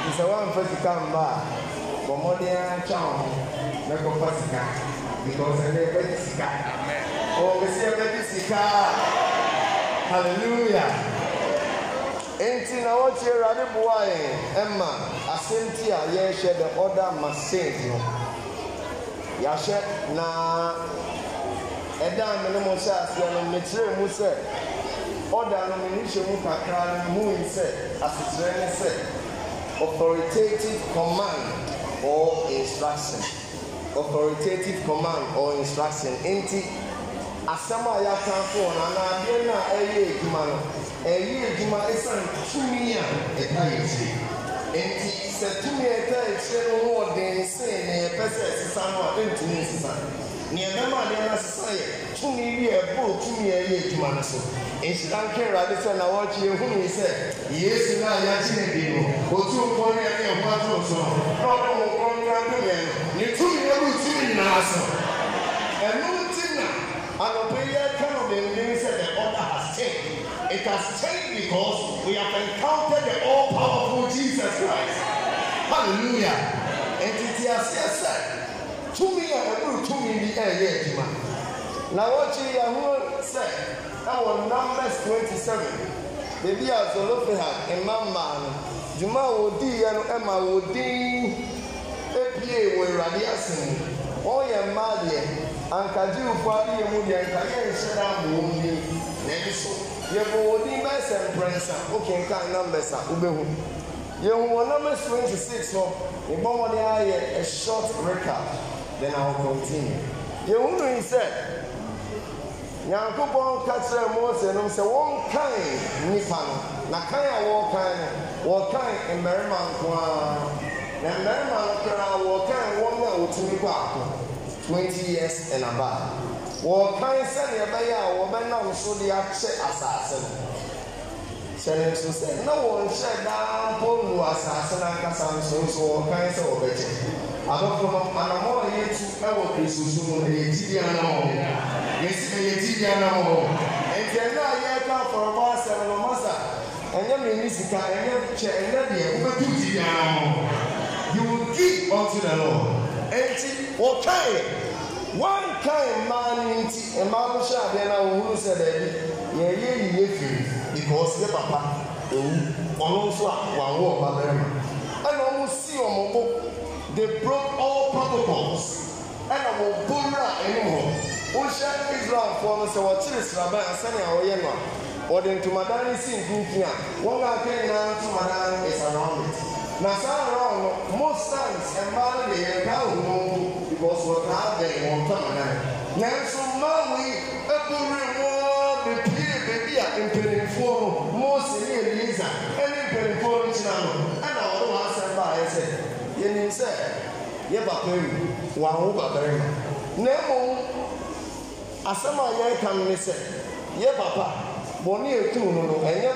nti sɛ woamfa sika mma a bɔ mmɔden atwa wo ho na kɔfa sika because ɛnɛ yɛbɛgye sika ɔwɔ sɛ yɛbɛgye sika hallelujah nti na wɔkye awurade boa yɛn ɛma asɛm ti a yɛrehyɛ the order machine no yɛahyɛ na ɛda a mene mo hyɛ aseɛ no mekyerɛ mu sɛ ɔda no mani hyɛ mu kakra no muhu sɛ asekyerɛ ne sɛ authoritative command or instruction authoritative command or instruction nti asɛm a yɛatamfo wɔn anaa adeɛ no a ɛyɛ adwuma no ɛyɛ adwuma ɛsiane tumi a ɛka akyire nti sɛ tumi a ɛka akyire no ho ɔden sen na yɛpɛ sɛ ɛsesa no a ɛntumi nsesa nea ɛbɛma adeɛ no yɛ tumi bi a ɛboro tumi a ɛyɛ adwuma no so nhyira nkera ade sɛ na wɔkye ehunu yi sɛ yesu na yɛakye ne bi no otu nkɔ ne ɛne ɛho ato so na ɔkɔ mo nkɔ nkora ndomɛ no ne tumi ɛbu tumi nyinaa so ɛno nti na anɔpɛ yi ɛka no denden sɛ the order has changed it has changed because we have encountered the all powerful jesus christ hallelujah ɛtete aseɛ sɛ tumi a ɛburu tumi bi ɛyɛ adwuma na wɔkye yɛ ho sɛ ɛwɔ numbers twenty seven beebi a zolofehad mmammaa no dwuma a wɔdii yɛ no ɛma wɔdin epie wɔ awurade ase mu wɔyɛ mmaa deɛ ankagyeefo ayɛ mu deɛ nkaeɛ nhyɛ da ama wɔn din na ɛbi so yɛbɔ wɔdin bɛyɛ sɛ mprɛnsa wokenkan numbers a wobɛhu yɛhu wɔ numbers twenty six hɔ ebɔ wɔde ayɛ a short record then i will continue yɛhu no yi nyankopɔn ka kyerɛ mose nom sɛ wɔnkan nnipa no na kan a wɔrekan no wɔrekan mmarima nko ara na mmarima no koraa wɔrekan wɔn a wɔtumi kɔ ako twenty years and above wɔrekan sɛdeɛ ɛbɛyɛ a wɔbɛnam so de akyɛ asase no kyerɛ nso sɛ na wɔnhyɛ daa mpo nnu asase no ankasa nso nso wɔrekan sɛ wɔbɛkyɛ abɛfo no anammɔn a yɛtu wɔ kristu so no ɛyɛ gyidi anammɔn yɛsi yɛti deɛ nam hɔ nti ɛna a yɛreka afɔrɔbɔ asɛm no masa ɛnyɛ mmienu sika ɛnyɛ kyɛ ɛnyɛ deɛ wobɛtu ti deɛ nam hɔ you will give unto the lord nti wɔkae wɔnkae mmaa no nti mmaa no hyɛ adeɛ no a wɔhunu sɛ daabi yɛyɛ yiye firi because ne papa ewu ɔno nso a wɔawo ɔba barima ɛna wɔn si wɔn bo they broke all protocols ɛna wɔn bo nwura anim hɔ. wohyɛ israelfoɔ no sɛ wɔkyere sraba a sɛnea wɔyɛ no a wɔde ntomadan no si mfimfini a wɔn a aka nyinaa ntomadan no surrounded na saa around no most times mmaa no de yɛnka ahomɔ mu because wɔtaa bɛn wɔn ntomadan nanso mmaa wei aburi mu bepie baabi a mpanimfoɔ no mose ne eliezer ne mpanimfoɔ no gyina no ɛna wɔde wɔn asɛm baayɛ sɛ yɛnim sɛ yɛ babarima wɔn aho babarima na mmom asɛm a yɛreka no ne sɛ yɛ papa bɔne etuu no no ɛnyɛ bi a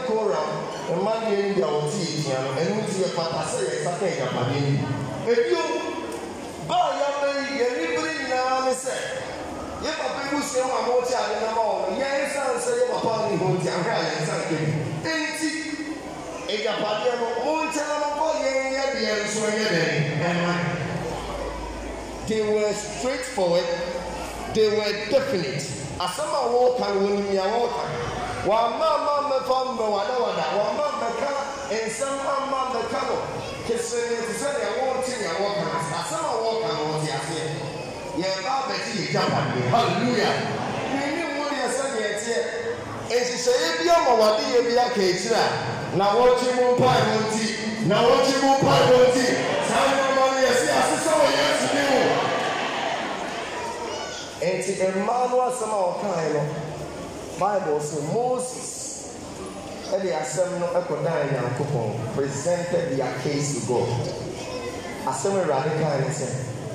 wɔte yɛ no ɛno ti yɛ pata sɛ yɛ nsa ka ɛgapadeɛ bi ebio baa yaba yi yɛne bere nyinaa ne sɛ yɛ papa ebusua mu a wɔte ade a wɔn yɛn san sɛ yɛ papa ne ti ahwɛ a yɛn san kɛ no nkyɛn no yɛn yɛ nso yɛ they they were definite asɛm a wɔreka no wɔn nyinaa wɔreka wɔn ama ama mmɛfa mmɛ wadawada wɔn ama mmɛka nsɛm ama mmɛka no kesee te sɛ deɛ wɔrete deɛ wɔreka no asɛm a wɔreka no wɔte aseɛ yɛreba abɛti yɛ e. gyapa deɛ hallelujah mmienu mu deɛ sɛdeɛ teɛ nhyehyɛeɛ bi ama wadeɛ bi aka akyire a na wɔretwe mu mpae wɔn ti na wɔretwe mu mpae wɔn ti nti mmaa no asɛm a wɔkaeɛ no bible sɛ moses ɛde asɛm no ɛkɔdan nyankopɔn presented their case to god asɛm awurade kae ne sɛ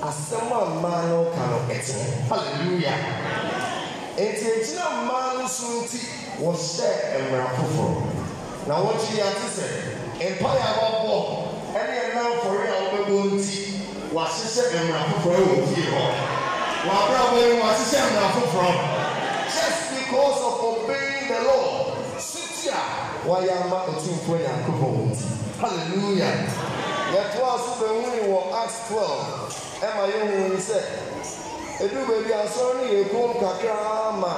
asɛm a mmaa no ka no ɛteɛ halleluya nti agyina mmaa no so nti wɔhyɛ mmara foforɔ na wɔgye yɛate sɛ mpaeɛ a wɔbɔ ɛne ɛnamfɔre a wɔbɛbɔ nti wɔahyehyɛ mmara foforɔ wɔ fie hɔ wà á bẹ̀rẹ̀ wọlé wọn àti sẹ́yìn náà fúnfọ̀rọ̀. just because of obeying the law siti wáyé ama Otumfuo Nyankopɔn wò ti hallelujah yɛto a so bɛhuni wɔ Acts twelve ɛma yɛhuni sɛ edu baabi asɔre no yɛ kum kakra ama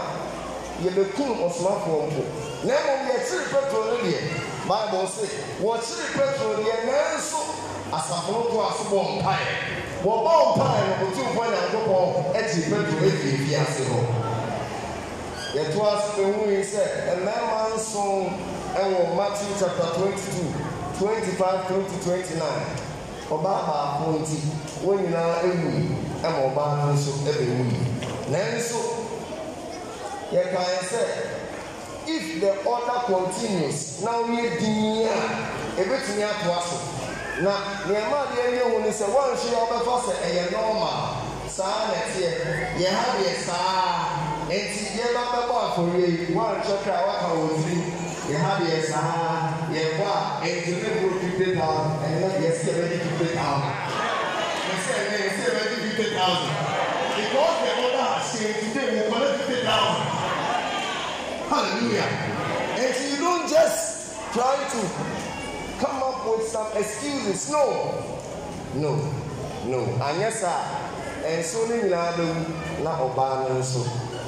yɛbɛkum ɔsomafoɔ mpo na mmom yɛkyere petro no deɛ bible se wɔkyere petro deɛ nanso asafo no to asobɔ mpaeɛ wɔn bɔ mpae no otumfo nyankopɔn akyi petro efi efi ase hɔ yɛto ase hu yi sɛ mmarima nson wɔ matthew chapter twenty two twenty five twenty twenty nine ɔbaa baako nti wɔn nyinaa ewu ɛma ɔbaa no nso ɛbɛwu nanso yɛkae sɛ if the order continues na wɔyɛ din a ebetumi ato aso na nneɛma a deɛ yɛ hu ni sɛ wɔnhwe yɛ ɔbɛfa sɛ ɛyɛ nɔɔma saa na ɛteɛ yɛ ha deɛ saa eti yɛ ba bɛbɔ afɔwie yi wɔnhwɛ kra waka wɔn ti yɛ ha deɛ saa yɛ bɔ a eti ne bu fifty thousand ɛnna yɛ si ɛbɛ di fifty thousand yɛ si ɛbɛ yɛ ɛbɛ di fifty thousand because the order has changed today we collect fifty thousand hallelujah eti you don just try to come up with some excuses no no no anyɛ saa nsuo eh, no nyinaa bɛwu na ɔbaa no nso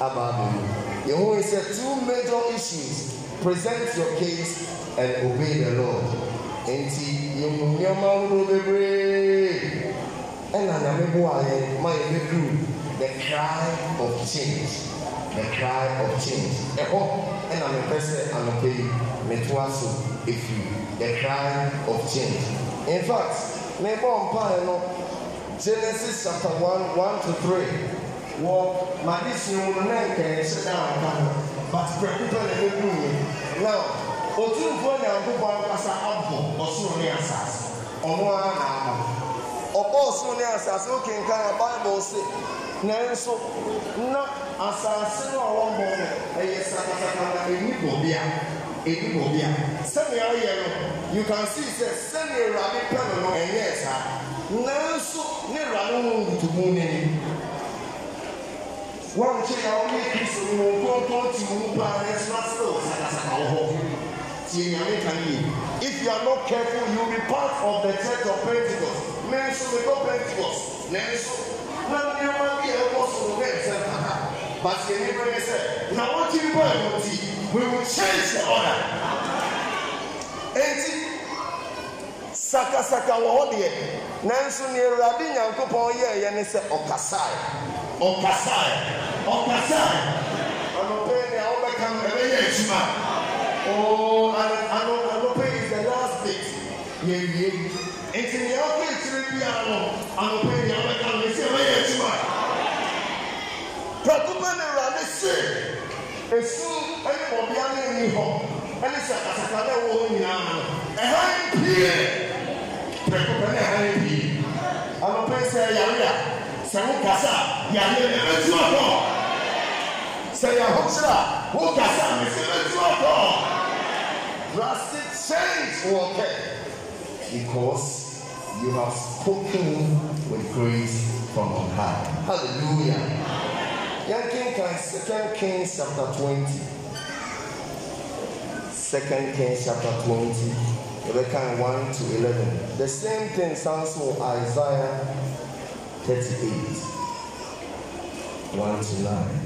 aba abɛwu yɛn ho two major issues present your case and obey the law And yɛn mu nneɛma ahodoɔ bebree eh, ɛna nyame bo a yɛn ma yɛn bɛduru eh, the cry of change the cry of change ɛhɔ ɛna oh, mepɛ sɛ anɔpɛ yi metoa so efiri the cry of change. In fact, me bɔ mpa no Genesis chapter one one to three wɔ madi si mu na nkɛyɛ hyɛ dan aka no but pɛku pɛ na ebi mu yi now otumfuo na akokɔ ankasa abɔ ɔsoro ne asase ɔmo ara na ama ɔbɔ ɔsoro ne asase o kankan a bible se nanso na asase no a wɔn bɔ no ɛyɛ sakasakasa enyibɔ bia ɛni wɔ bi a sɛnea no you can see sɛ sɛnea awurade pɛ no no ɛnyɛ saa nanso ne awurade ho ntumu n'ani wọn kye na wọn yɛ kristu no wɔn kɔnkɔn ti wɔn paa na ɛsɛ ase wɔ sakasaka wɔ hɔ tie nyame ka yie if you are not careful you will be part of the church of pentikos nanso the god pentikos nanso na nneɛma bi a ɛkɔ so no na ɛsɛ kaka but yɛn ni bɛrɛ sɛ na wɔn ti bɔ ɛwɔ ti we will change the order eti sakasaka wɔ hɔ deɛ nanso nea awurade nyankopɔn yɛɛ yɛ ne sɛ ɔkasae ɔkasae ɔkasae anɔpɛ nea wobɛka no ɛbɛyɛ adwuma oo anɔpɛ is the last date Ye ye. nea wokɔ akyire biara no anɔpɛ nea wobɛka no ɛsɛ ɛbɛyɛ adwuma prɛko pɛ ne awurade see esu ɛne ɔbea ne ni hɔ ɛne sɛ asakra ne wɔ hɔ nyinaa no ɛhan pie pɛ ne ɛhan pie sɛ yare a sɛ wo kasa yare ne ɔtɔ sɛ kyerɛ a wo kasa ne sɛ ɔtɔ change wɔ kɛ because you have spoken with grace from on high hallelujah. Yan King Second Kings chapter 20. Second Kings chapter 20. Rebecca 1 to 11. The same thing sounds for Isaiah 38. 1 to 9.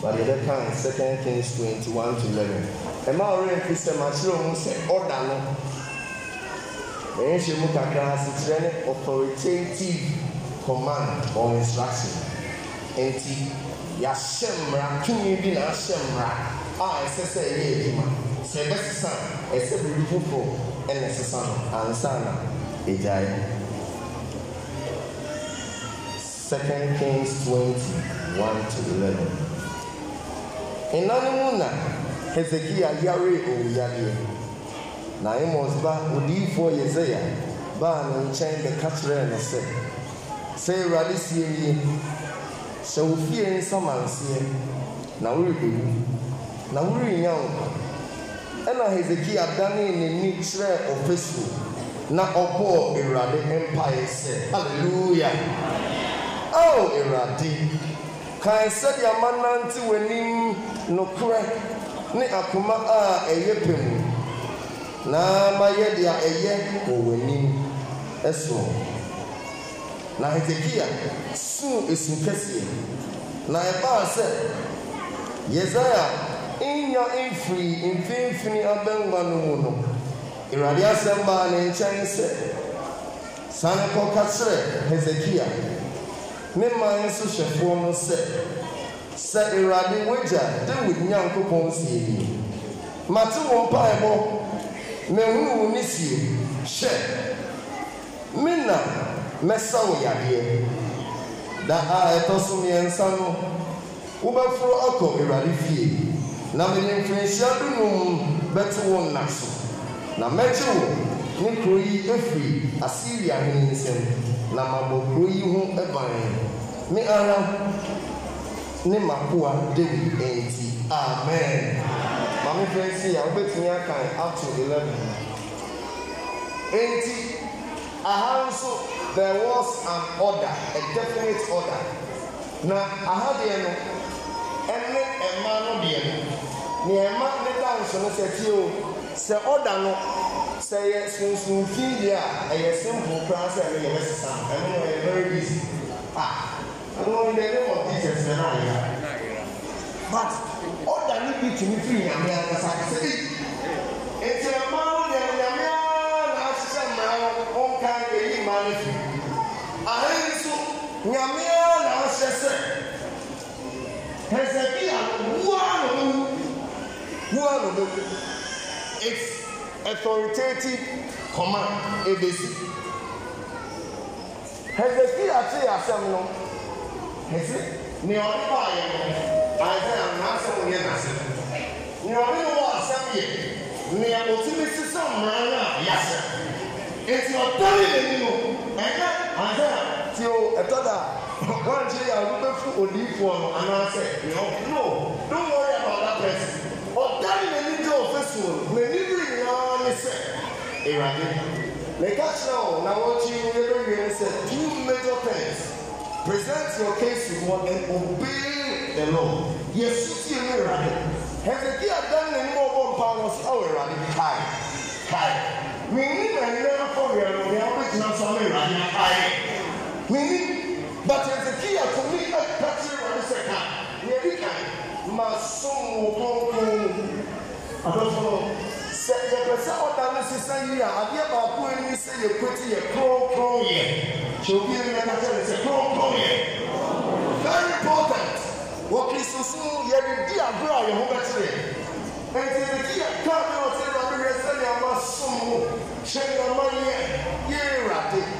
But Rebecca Second Kings 21 to 11. Am I already Christian? My children say, Order no. ɛyɛ nhyɛ mu kakra authoritative command or instruction nti yɛahyɛ mmara tumi bi na ahyɛ mmara a ɛsɛ sɛ ɛyɛ adwuma sɛ ɛbɛsesa ɛsɛ biribi foforɔ ɛna ɛsesa no ansa ɛgyae second kings twenty one to eleven nna no mu na hezekiah yare owuyadeɛ na amos ba odiyifoɔ yesaia baa ne nkyɛn bɛka kyerɛɛ no sɛ sɛ awurade sie yie hyɛ wo fie nsamanseɛ na worebɛwu na worennya nkwa ɛna hesekia danee n'ani kyerɛɛ ɔfasuo na ɔbɔɔ awurade mpaeɛ sɛ halleluya ao awurade kae sɛdeɛ manante w'anim nokorɛ ne akoma a ɛyɛ pɛ mu na mayɛ deɛ ɛyɛ wɔ w'anim ɛsoɔ na hesekia suu esum kɛseɛ na ɛbaa sɛ yesaia nya mfiri mfimfini abɛnwa no mu no awurade asɛm baa ne nkyɛn sɛ sane kɔka kyerɛ hesekia ne man nso hyɛfoɔ no sɛ sɛ awurade wagya dawid nyankopɔn sie ni mate wɔn mpaebɔ mahunu wo e ne sie hyɛ me na mɛsa wo yadeɛ da a ɛtɔ so mmiɛnsa no wobɛforo akɔ awurade na mede mfirinhyia dunum bɛte wo nna so na mɛgye wo ne kuro yi afiri asiria hene nsɛm na mabɔ kuro yi ho ban me ara ne makoa david ɛnti amen mamefrɛ si a wobɛtumi akan ato 11 enti aha nso there was an order a definite order na aha deɛ no ɛne ɛma no deɛ no nea ɛma ne da nso no sɛ tie o sɛ order no sɛ yɛ sunsun fin deɛ a ɛyɛ simple koraa sɛ ɛno yɛ bɛ sisan ɛno no yɛ very easy ah ɛno in the name of jesus ɛna ayɛ but order ne bi tumi firi nyame ankasa kasa bi etia. nyame ara na ahyɛ sɛ hezekia no wo a no no wo no no its authoritative command ebesi hezekia te asɛm no ɛsi nea ɔde ba ayɛ no isaiah n'asɛm yɛ n'asɛm nea ɔde wɔ asɛm yɛ nea otumi sisan mmeran a yasɛ eti ɔtɔre n'anim no ɛnyɛ isaiah tie o ɛtɔ da wɔn akyi yɛ ɔno bɛ fu onifoɔ no anaasɛ no no don't worry about that person ɔda ne n'ani gye ɔfɛsuo no n'ani bi nyinaa ne sɛ ewurade mɛka kyerɛ o na wɔkyi mu yɛ bɛ wie ne sɛ two major things present your case to God and obey the law yɛsu tie mu ewurade hezekiah dan n'anim a ɔbɔ mpa no so ɔwɔ ewurade kae kae. We need a level for real. We have to transform it wini but ezekiel to me ɛpɛtɛ wɔde sɛ ka yɛdi kan ma som wo kronkron adɔfo sɛ yɛpɛ sɛ ɔda no sisa yi a adeɛ baako ani sɛ yɛkwati yɛ kronkron yɛ kyɛ obi ani yɛka kyɛ ne sɛ kronkron yɛ very important wɔ kristo so yɛde di agorɔ a yɛ ho bɛkyerɛ nti ezekiel kaa ne ɔsɛ ɛwurade yɛ sɛ nea ma som wo hyɛ nea ma yɛ yɛ ɛwurade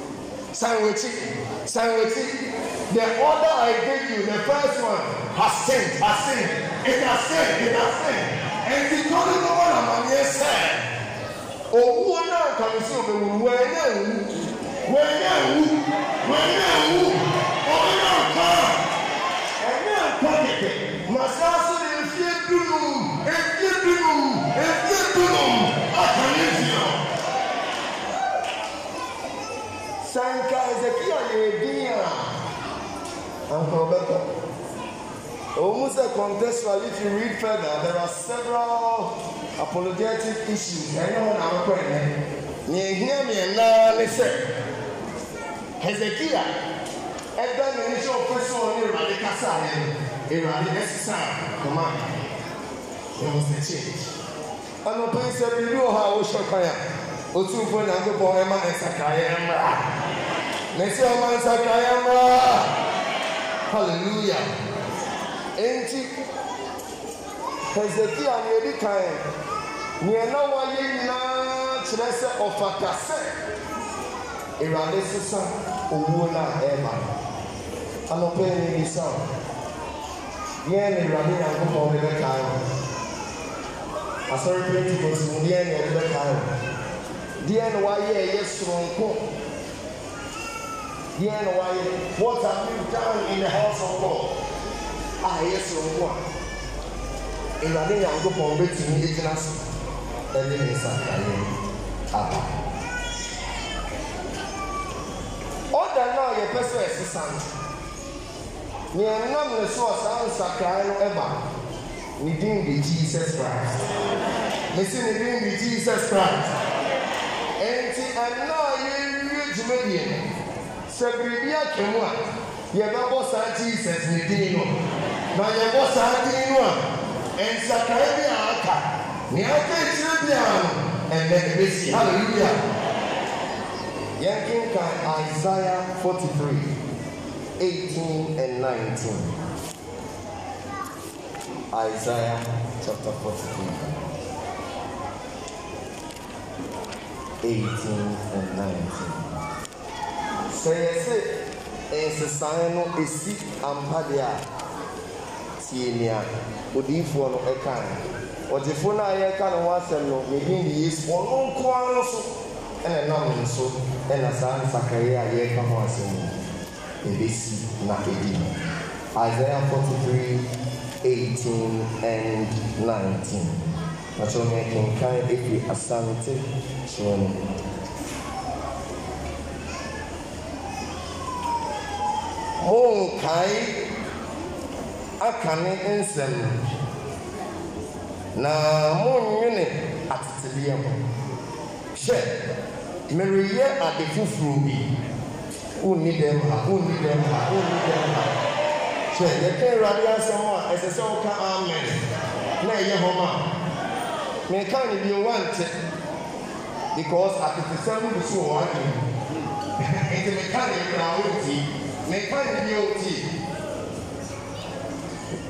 sanwechi sanwechi the order i gave you the first one has changed has changed it has changed it has And the changed ẹnti tọ́lú tó wà lámàmì ẹsẹ̀ owó náà kàmísí òbẹ̀wò wẹ̀ẹ́nẹ̀ wù wẹ̀ẹ́nẹ̀ wù wẹ̀ẹ́nẹ̀ wù. sɛ Ezekiel, hezekia yɛ din a anka ɔbɛtɔ ɔmu sɛ contextual if you read further there are several apologetic issues ɛnyɛ hɔ na akɔ ɛnɛ nea ehia mmiɛnaa ne sɛ hezekia ɛda ne nhyɛ ɔpɛ sɛ ɔne awurade kasa ayɛ no awurade ɛsesa kɔma there was a change ɛnɔpɛ sɛ biribi wɔ hɔ a wohyɛ kwan a otumfoɔ nyankopɔn ɛma ɛsakaeɛ mmra mesi ɔma nsaka ya mmaa hallelujah enti hezekia nea edi kan nea na wayɛ nyinaa kyerɛ sɛ ɔfata sɛ awurade sisa owuo na ɛreba anɔpɛ ne nisa o yɛn na awurade nyankopɔn de ti no asɔre pɛntikɔsi mu deɛ na ɛde bɛka no deɛ na wayɛ ɛyɛ soronko deɛ na wayɛ what have you done in the house of God ah, ah. a ɛyɛ soronko a awurade nyankopɔn bɛtumi gyina so ɛne ne nsa ayɛ aba ɔda no a yɛpɛ sɛ ɛsesa no yɛnam ne so a saa nsakrae no ɛba ne din de jesus christ mesi ne din de jesus christ ɛnti ɛna a yɛwie dwumadie no sɛ biribi atwa mu a yɛbɛbɔ saa jesus ne din no na yɛbɔ saa din no a nsakrae bi a aka nea aka akyire biara no ɛnɛ ɛbɛsi halleluya yɛnkenka isaiah 43 18 and 19 isaiah chapter 43 18 and 19. sɛ yɛse nsesan no esi ampa deɛ a tie nea odiifoɔ no ɛka no ɔgyefoɔ no a yɛka ne ho asɛm no ne yesu ɔno ɛna ne so ɛna saa a yɛka ho asɛm no ɛbɛsi na ɛdi no isaiah forty three eighteen and nineteen ɛfiri asante soro no monkae akane nsɛm na monnwene atetedeɛ ho hwɛ mereyɛ ade foforɔ bi wonni dɛm ha wonni dɛm ha wonni dɛm ha hwɛ yɛka awurade asɛm a ɛsɛ sɛ woka amen na ɛyɛ hɔ ma meka ne bio wante because atete sɛm bi so wɔ adwene nti meka ne mmara wontie mekae bio ti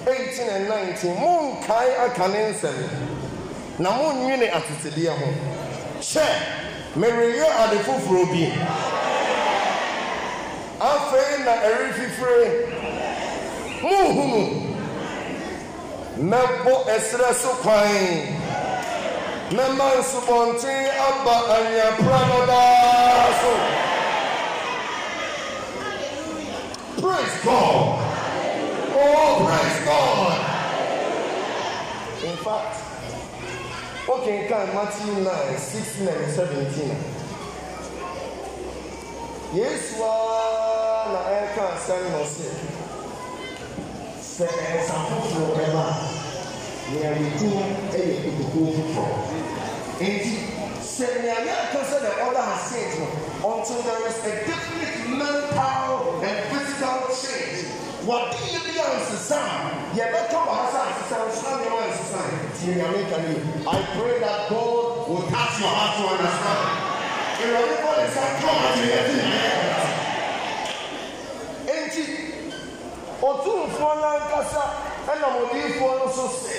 18 and 19 monkae aka ne nsɛm na monnwene atetedeɛ ho hyɛ mereyɛ ade foforɔ bi afei na ɛrefifire monhunu mɛbɔ ɛserɛ so kwan mɛma nsubɔnten aba anweapra no daa so Praise God. Oh, praise God. In fact, okay, can Matthew 9, 16 and 17. Yes, one, I can send no sin. Sɛ ɛnsa foforɔ ɛba nea yɛtum yɛ kutukuo foforɔ nti sɛ nea yɛaka sɛ the order has said no until there is a definite mental and physical wɔde yɛ bi a nsesa yɛbɛka wɔ ha sɛ asesa nsona nneɛma nsesa tie nyame ka ne i pray that god will touch your heart to understand awurade bɔ ne nsa ka wɔ ate yɛde enti ɔtumfoɔ no ankasa ɛnam odiyifoɔ no so se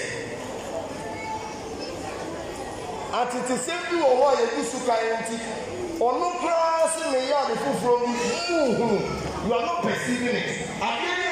bi wɔ hɔ a yɛdi so ka yɛ nti ɔno koraa se meyɛ ade foforɔ bi muhunu you are not perceiving it adeɛ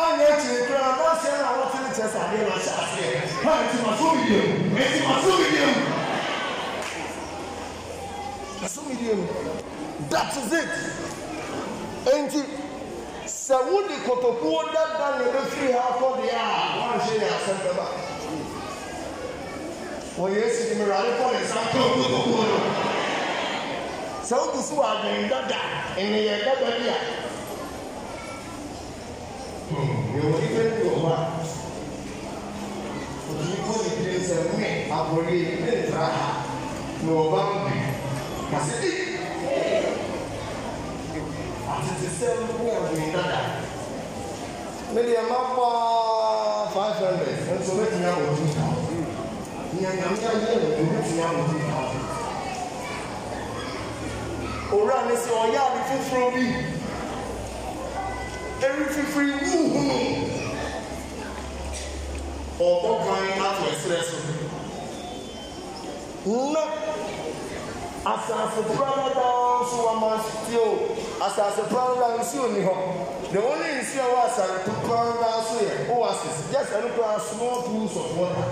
wọn yẹ ekyir kura na wọn sẹ na wọn ti ne kyẹ sẹ adeɛ na ahyɛ aseɛ ma so mi diem eti ma so mi diem ma so mi diem that is it eti sɛ wuli kotokuo dada na efiri ha kɔ deɛ a wọn ahyɛ yɛ asɛm bɛba wọ́n yẹ esi mìíràn alẹ́kọ́ ní sáńtó kotokuo no sɛ o kù sí ènìyàn dada yóò ní fẹ́ tó wá òtún kó ní kiri sẹ mí àbúrí ní ìtura ha ní ọba ń bì kàsí dì àtẹ̀tẹ̀ sẹ́wọ́n kó ọ̀dùn dada mílí ẹ̀ máa pa five hundred nso bẹ́ẹ̀ tìyà wọ̀ two thousand nyanyamya yẹ ẹ̀dùn bẹ́ẹ̀ tìyà wọ̀ two thousand òwúrọ̀ mi sọ ọ̀yá mi fúnfúnrún bíi ɛrififiri wuhunu ɔbɔ kwan ato ɛsrɛ so na asase prada nso wama sio asase prada nsuo ni hɔ the only nsuo wɔ asase prada nso yɛ oasis just ɛnu kora small pools of water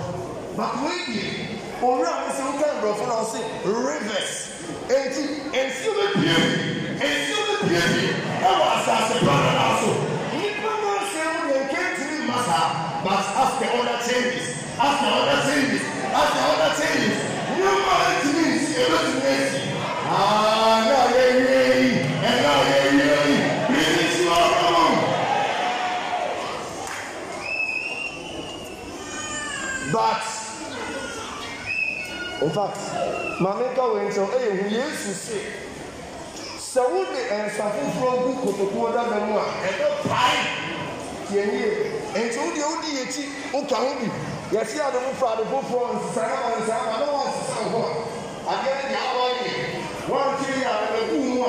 but wey die owurọ àwọn sọ wípé nkurọfọ náà sẹ rivers eti nsuo bẹ pie mi nsuo bẹ pie mi ɛwɔ asase prada. But in fact maame ka wei nkyɛn ɛyɛ hu yesu se sɛ wode nsa foforɔ gu kotokuo dada mu a ɛbɛ pae yɛn yie nti wodeɛ wodi yɛkyi woka ho bi yɛsi ade mu fa ade foforɔ nsesa na wɔnsesa ma na wɔn ti yɛ abɛbu mu a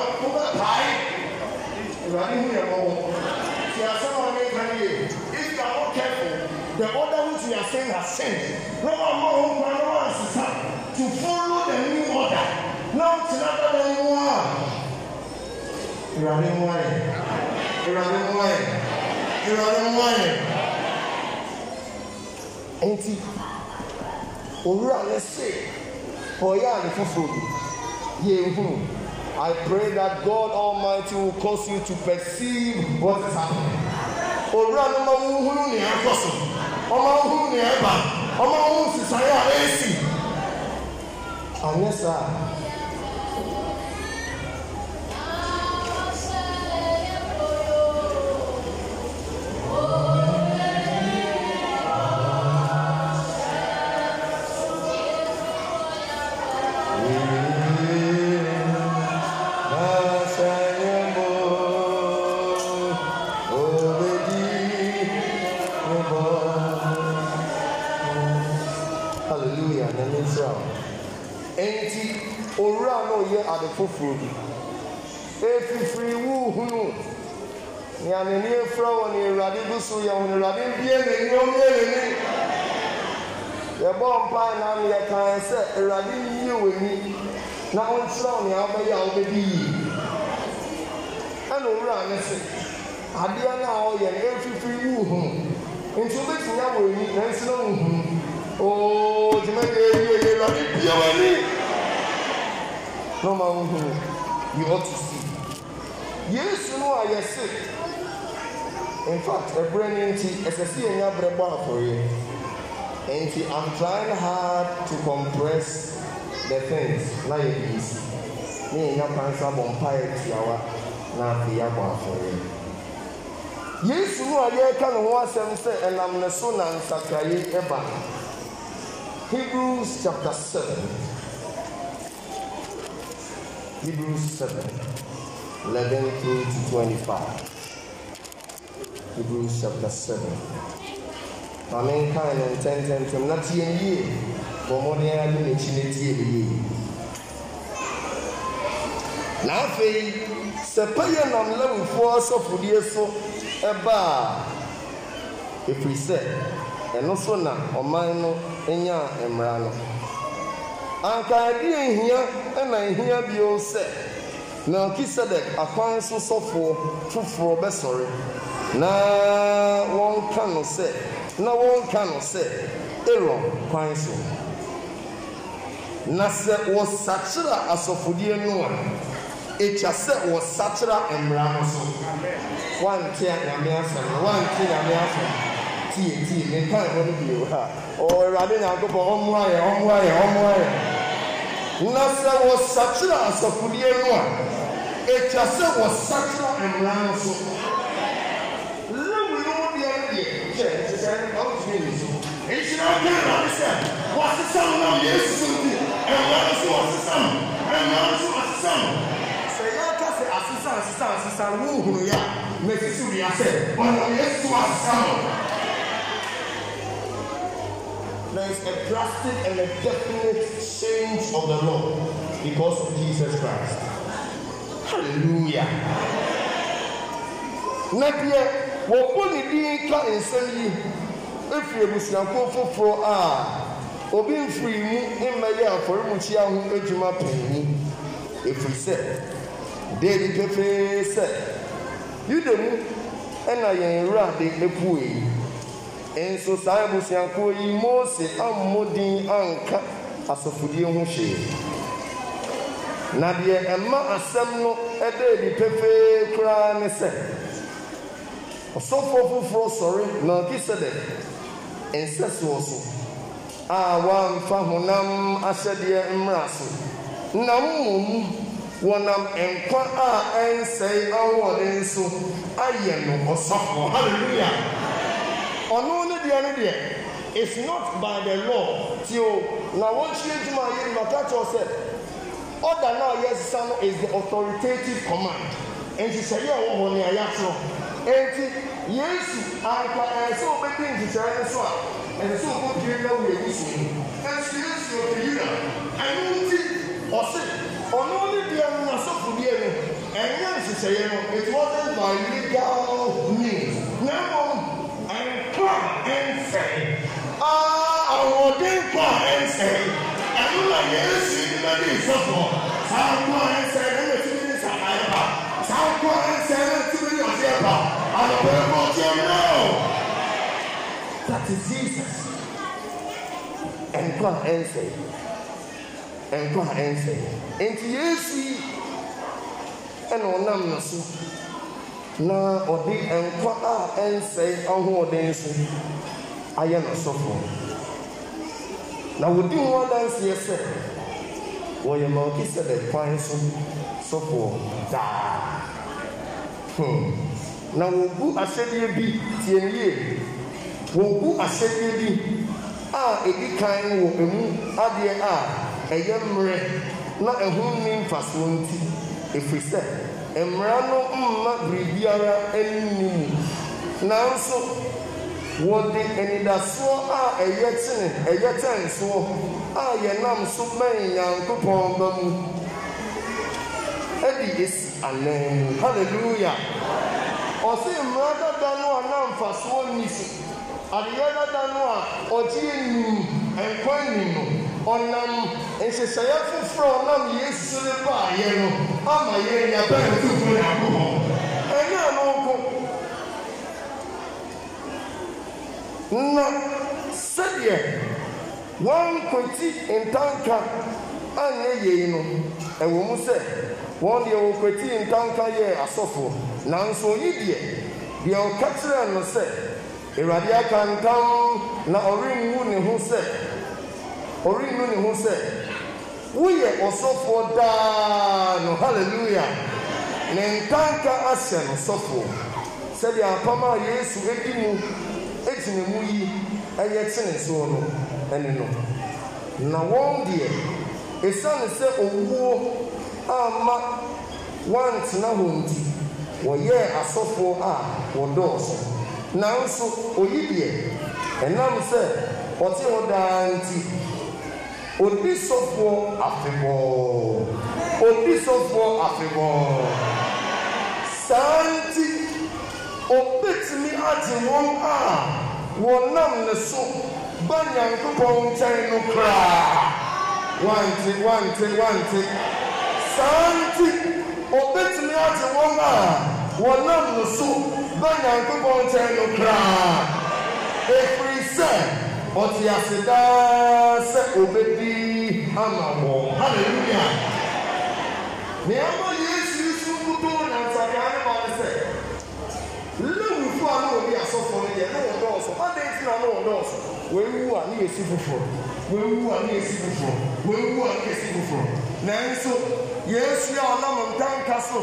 the order which you are saying has changed na wɔn mɔ wɔn kwan na wɔn to follow the new order na wɔn tena dada mu a ɛwurade mu ayɛ ɛwurade mu ayɛ ɛwurade mu ayɛ nti owura yɛ se ɔyɛ yehun i pray that god almighty will cause you to perceive what is happening. òwúrọ̀ ni ọmọ ohun hunu ni ẹ kọ̀ sí ọmọ ohun ni ẹ bà ọmọ ohun sísá yà ẹ sì. àyẹ̀sà. ɛbrɛ bɔ afɔre nti i'm trying hard to compress the things na yɛ easy ne yɛn nyapa nsa bɔ mpa yɛ tiawa for you. abɔ afɔre yesu no a yɛreka ne ho asɛm sɛ ɛnam ne so na nsakraeɛ ɛba hebrews chapter seven hebrews seven eleven through to twenty-five hebrews chapter seven. ma menkae no na tie yie bɔ mmɔden ne e n'akyi na tie yie na afei sɛ pɛyɛ nam lewifoɔ asɔfodie so ɛbaa ɛfiri sɛ ɛno so na ɔman no nyaa mmara no anka nhia ɛna nhia bio sɛ melkisedek akwan so sɔfoɔ foforɔ bɛsɔre na wɔnka no na wɔnka no sɛ aaron kwan so na sɛ wɔsakyera asɔfodeɛ no a ɛtwa sɛ wɔsakyera mmara no so wanke nyame asɛm no wanke nyame asɛm tie tie meka ɛhɔ no bio ha ɔwurade nyankopɔn ɔmmoa yɛ ɔmmoa yɛ ɔmmoa yɛ na sɛ wɔsakyera asɔfodeɛ no a ɛtwa sɛ wɔsakyera mmara no so nhyira ɔka na ɔde sɛ wɔasesa wo nam yesu so nti ɛnwaa nso wɔsesa mo ɛnwaa nso wɔsesa mo sɛ yɛka sɛ asesa asesa asesa wohunu yɛ masisi wia sɛ ɔnam yesu wɔasesa There is a drastic and a definite change of the law because of Jesus Christ. Hallelujah. Na deɛ wɔbɔ ne din ka nsɛm yi efiri abusuakuo foforɔ a obi nfiri mu mmɛyɛ afɔremukyia ho edwuma panyin efiri sɛ deebi pefee sɛ yuda mu ɛna yɛn wurade apue nso saa abusuakuo yi mose ammɔden anka asɔfodie ho hwee na deɛ ɛma asɛm no ɛda adi pefee koraa ne sɛ ɔsɔfoɔ foforɔ sɔre melkisedek nsɛsoɔ so a wɔamfa honam ahyɛdeɛ mmra so na mmom wɔnam nkwa a ɛnsɛe ahoɔden so ayɛ no ɔsɔfoɔ hallelujah ɔno ne deɛ ne deɛ is not by the law ti o na wɔn hyɛ adwuma yɛ ni maka kyerɛ sɛ order na a yɛsesa no is the authoritative command nhyehyɛeɛ a ɛwɔ hɔ ne a yɛatwerɛ eti yesu anka ɛsɛ obedi nhyehyɛe no so a ɛsɛ o obotire na wo yɛwu so ɛnso yesu ɔpɛyi na ɛno nti ɔse ɔno ne deɛ no asɔfodeɛ no ɛnyɛ nhyehyɛeɛ no it wasn't by legal means na mmom ɛnkwa ɛnsɛe aa ahoɔden kwa ɛnsɛe ɛno na yesu na ne nsɔfoɔ saa nkwa ɛnsɛe na yɛtumi ne saa ayɛ ba saa nkwa ɛnsɛe na neighbor and the people you That is Jesus. Nkwa nse. Nkwa nse. Nti Yesu ɛna ɔnam na so na ɔde nkwa a ɛnsɛe ahoɔden so ayɛ no Na wɔdi ho adanseɛ sɛ wɔyɛ Melkisedek kwan so sɔfo daa. na wògu asɛdeɛ bi tie yie asɛdeɛ bi a edi kan wɔ emu adeɛ a ɛyɛ mmerɛ na ɛho nni mfasoɔ nti efiri sɛ mmerɛ no mma biribiara anim mu nanso wɔde anidasoɔ a ɛyɛ kyene ɛyɛ a yɛnam so bɛn nyankopɔn ba mu ɛde esi anan mu hallelujah. ɔsi mmerɛ dada no a namfasoɔ nni so adeɛ dada no a ɔgye nim nkwa nim no ɔnam nhyehyɛeɛ foforɔ ɔnam yesu de baayɛ no ama yɛn yaba atutu nyankopɔ ɛnyɛ ano nko na sɛdeɛ wɔnkwati ntanka anyɛ yei no ɛwɔ mu sɛ wɔn deɛ wɔkwati ntanka yɛ asɔfoɔ nanso oyi deɛ deɛ ɔka kyerɛɛ no sɛ awurade aka ntam na ɔrengu ne ho sɛ ɔrengu ne ho sɛ woyɛ ɔsɔfoɔ daa no hallelujah ne ntanka ahyɛ no sɔfoɔ sɛdeɛ apam a yesu edi mu egyina mu yi ɛyɛ kyene soɔ no ɛne no na wɔn deɛ esiane sɛ owuo ama wɔantena wɔn ti. wɔyɛɛ asɔfoɔ a wɔdɔɔso nanso oyi deɛ ɛnam sɛ ɔte hɔ daa nti odi sɔfoɔ afebɔɔ odi sɔfoɔ afebɔɔ saa nti obetumi agye wɔn a wɔnam ne so ba nyankopɔn nkyɛn no koraa wante wante wante saa nti obetumi ate wɔn a wɔnam no so ba nyankopɔn nkyɛn no koraa efiri sɛ ɔte ase daa sɛ obedi ama wɔn hallelujah nea ama yesu isu kutu na nsakaa ne ba ne sɛ lewufu a na obi asɔfo no yɛ ne wɔn dɔɔso ɔdan ti na ne wɔn dɔɔso wɔn ewu a ne yɛ si foforɔ wewu a na esi foforɔ wewu a na esi foforɔ nanso yesu a ɔnam ntanka so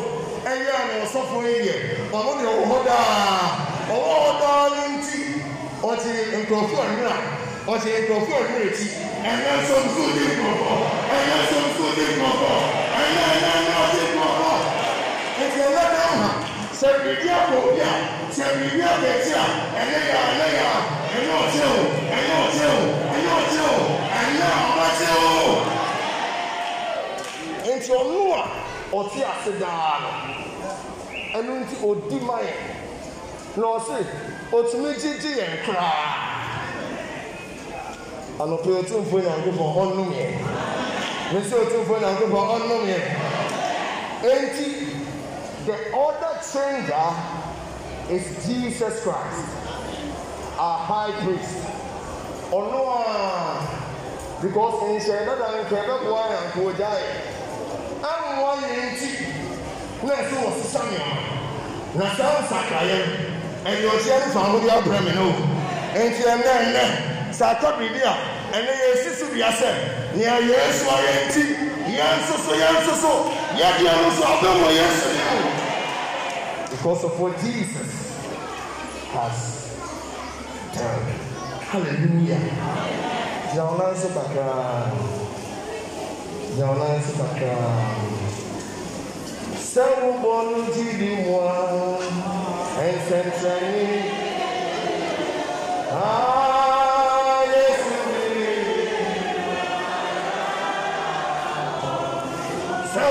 ɛyɛ a na ɔsɔfo yi yɛ ɔno deɛ ɔwɔ hɔ daa ɔwɔ hɔ daa ne nti ɔte nkurɔfoɔ nwura ɔte nkurɔfoɔ nwura akyi ɛnyɛ nso nso di nkurɔfɔ ɛnyɛ nso nso di nkurɔfɔ ɛnyɛ ɛnyɛ ɛnyɛ ɔdi nkurɔfɔ nti ɛnyɛ dan ha sɛ biribi akɔ obi a sɛ biribi akɔ akyi a ɛnyɛ yɛ ɛnyɛ yɛ ɛnyɛ ɔkyɛ o ɛnyɛ ɔkyɛ o ɛnyɛ ɔkyɛ o nti ɔno a ɔte ase daa no ɛno nti ɔdi ma yɛn na ɔse ɔtumi gyegye yɛn koraa anɔpɛ ɔtumfoɔ nyankopɔn ɔnom yɛn me sɛ ɔtumfoɔ nyankopɔn ɔnom yɛn enti the other changer is jesus christ our high priest ɔno a because nhyɛn dada nkɛ bɛboa yankoɔ gyae amoa yɛn nti na ɛsɛ wɔ sisa nneɛma na saa nsakraeɛ no ɛnyɛ ɔkyeɛ no fa ahode abrɛ me no o nti ɛnɛ ɛnɛ sɛ akɔ biribi a ɛnɛ yɛsi so dua sɛ nea yɛn so ayɛ nti yɛn soso yɛn soso yɛdeɛ no so abɛmmɔ yɛn so ne mu because of what jesus has done hallelujah gyina wo nan so kakraa gyina wo nan so kakraa sɛ wobɔ no gyidi mu a ɛnsɛnkyerɛnne yesu biri sɛ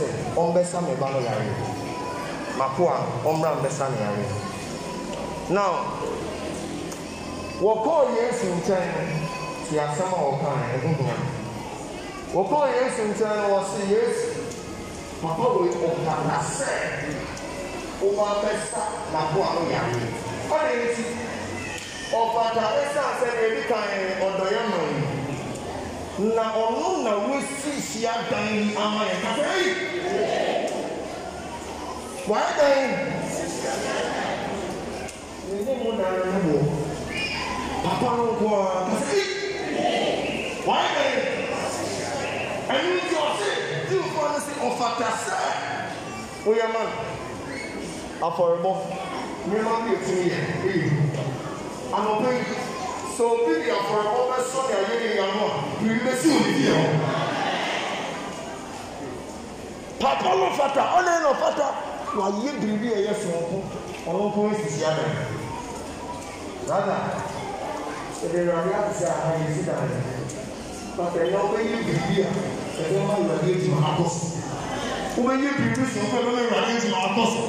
sɛ ɔmbɛsa me ba no yare mako a ɔmmra mbɛsa ne yare now wɔkɔɔ yesu nkyɛn te asɛm a wɔkaa ɛho hia wɔkɔɔ yesu nkyɛn no wɔse yesu papa wei ɔkata sɛ wobɔ abɛsa mako a no yare ɔne ɔfata sɛ kan ɔdɔyɛ na ɔno na wosi hyia dan ama yɛ One day, ne mu na ne mu papa no nko a kasi wɔn bɛ ɛnu nti ɔsi ti nko no si ɔfata sɛ oyɛ man afɔrebɔ nneɛma bi etu yɛ eyi anɔpɛ yi sɛ obi di afɔrebɔ bɛ sɔ ne ayɛ yɛ ano a yiri bɛ si omi di yɛ hɔ papa no fata ɔne na ɔfata wayɛ biribi a ɛyɛ sononko ɔno nko esisi ama rada ɛdɛ ɛwurade asese aha yɛ si dan pata ɛyɛ ɔbɛyɛ biribi a ɛbɛ ma ɛwurade atuma akɔ so ɔbɛyɛ biribi sononko ɛbɛ ma ɛwurade atuma akɔ so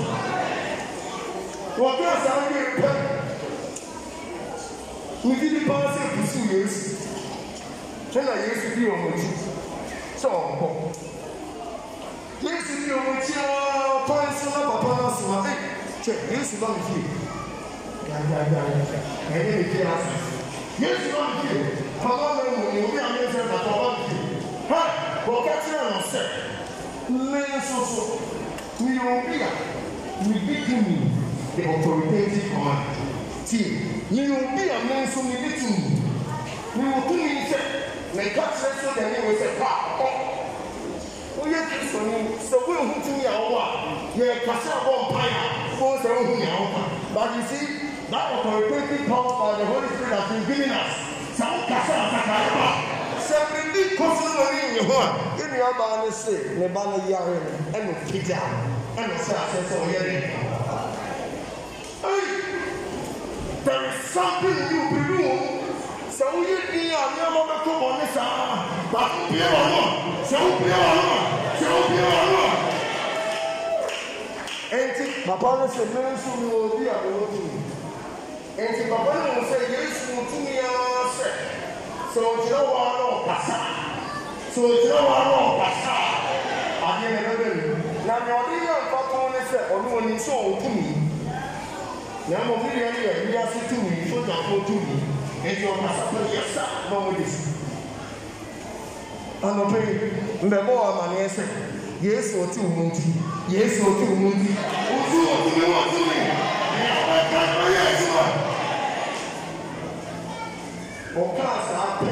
wɔkura saa yɛ pɛ wòdi nipa sɛ kusu yesu ɛna yesu di wɔn akyi sɛ ɔnkɔ yesu ni ohun tí a pan sọlá bàbá náà sọ wá ẹ tẹ yesu bá mi fìyè gbàgbàgbà ẹyẹ mi fìyè asọ yesu bá mi fìyè bàbá mi wò ní omi àmì ẹsẹ bàbá bá mi fìyè hẹ bọ kẹtí ẹ náà sẹ lẹ́yìn soso ni omi à ní bí kí mi the authoritative command ti ni omi à ní nso ní bí kí mi ni o tún mi sẹ ní kẹtí ẹ sọ dẹ ní o sẹ pa ọ woyɛ kristo sɛ woyɛ hu ti a yɛ kasa abɔ mpa ya fo sɛ wohu ni awɔ pa but you see that authoritative power by the holy spirit has been giving us sɛ wo kasa asaka ba sɛ biribi kofi no ni nye ho a yɛn nua baa ne se ne ba ne yare no ɛna okita ɛna sɛ asɛ sɛ ɔyɛ ne. There is something new, believe sɛ woyɛ din a nneɛma bɛtɔ bɔ ne saa baako pie wɔ no sɛ wopie wɔ no sɛ wopie wɔ no enti papa no sɛ me nso me wɔ bi a mewɔ tumi enti papa no wɔ sɛ yesu wɔ tumi ara sɛ sɛ ɔgyina wɔ a na ɔkasa sɛ ɔgyina wɔ a na ɔkasa adeɛ ne bɛbɛnu na nea ɔde yɛ mfa tɔn ne sɛ ɔno ɔnim sɛ ɔwɔ tumi na mmom ne deɛ no yɛ wiase tumi sogyafoɔ tumi nti ɔmo asafo yasa na ɔmo de si anɔpɛ mbɛbɔ wɔ amaneɛ sɛ yesu ɔte ɔmo nti yesu ɔte ɔmo nti otu otu mi wɔ otu mi ɛyɛ ɔka ɔyɛ ɛsuma ɔka asaa pɛ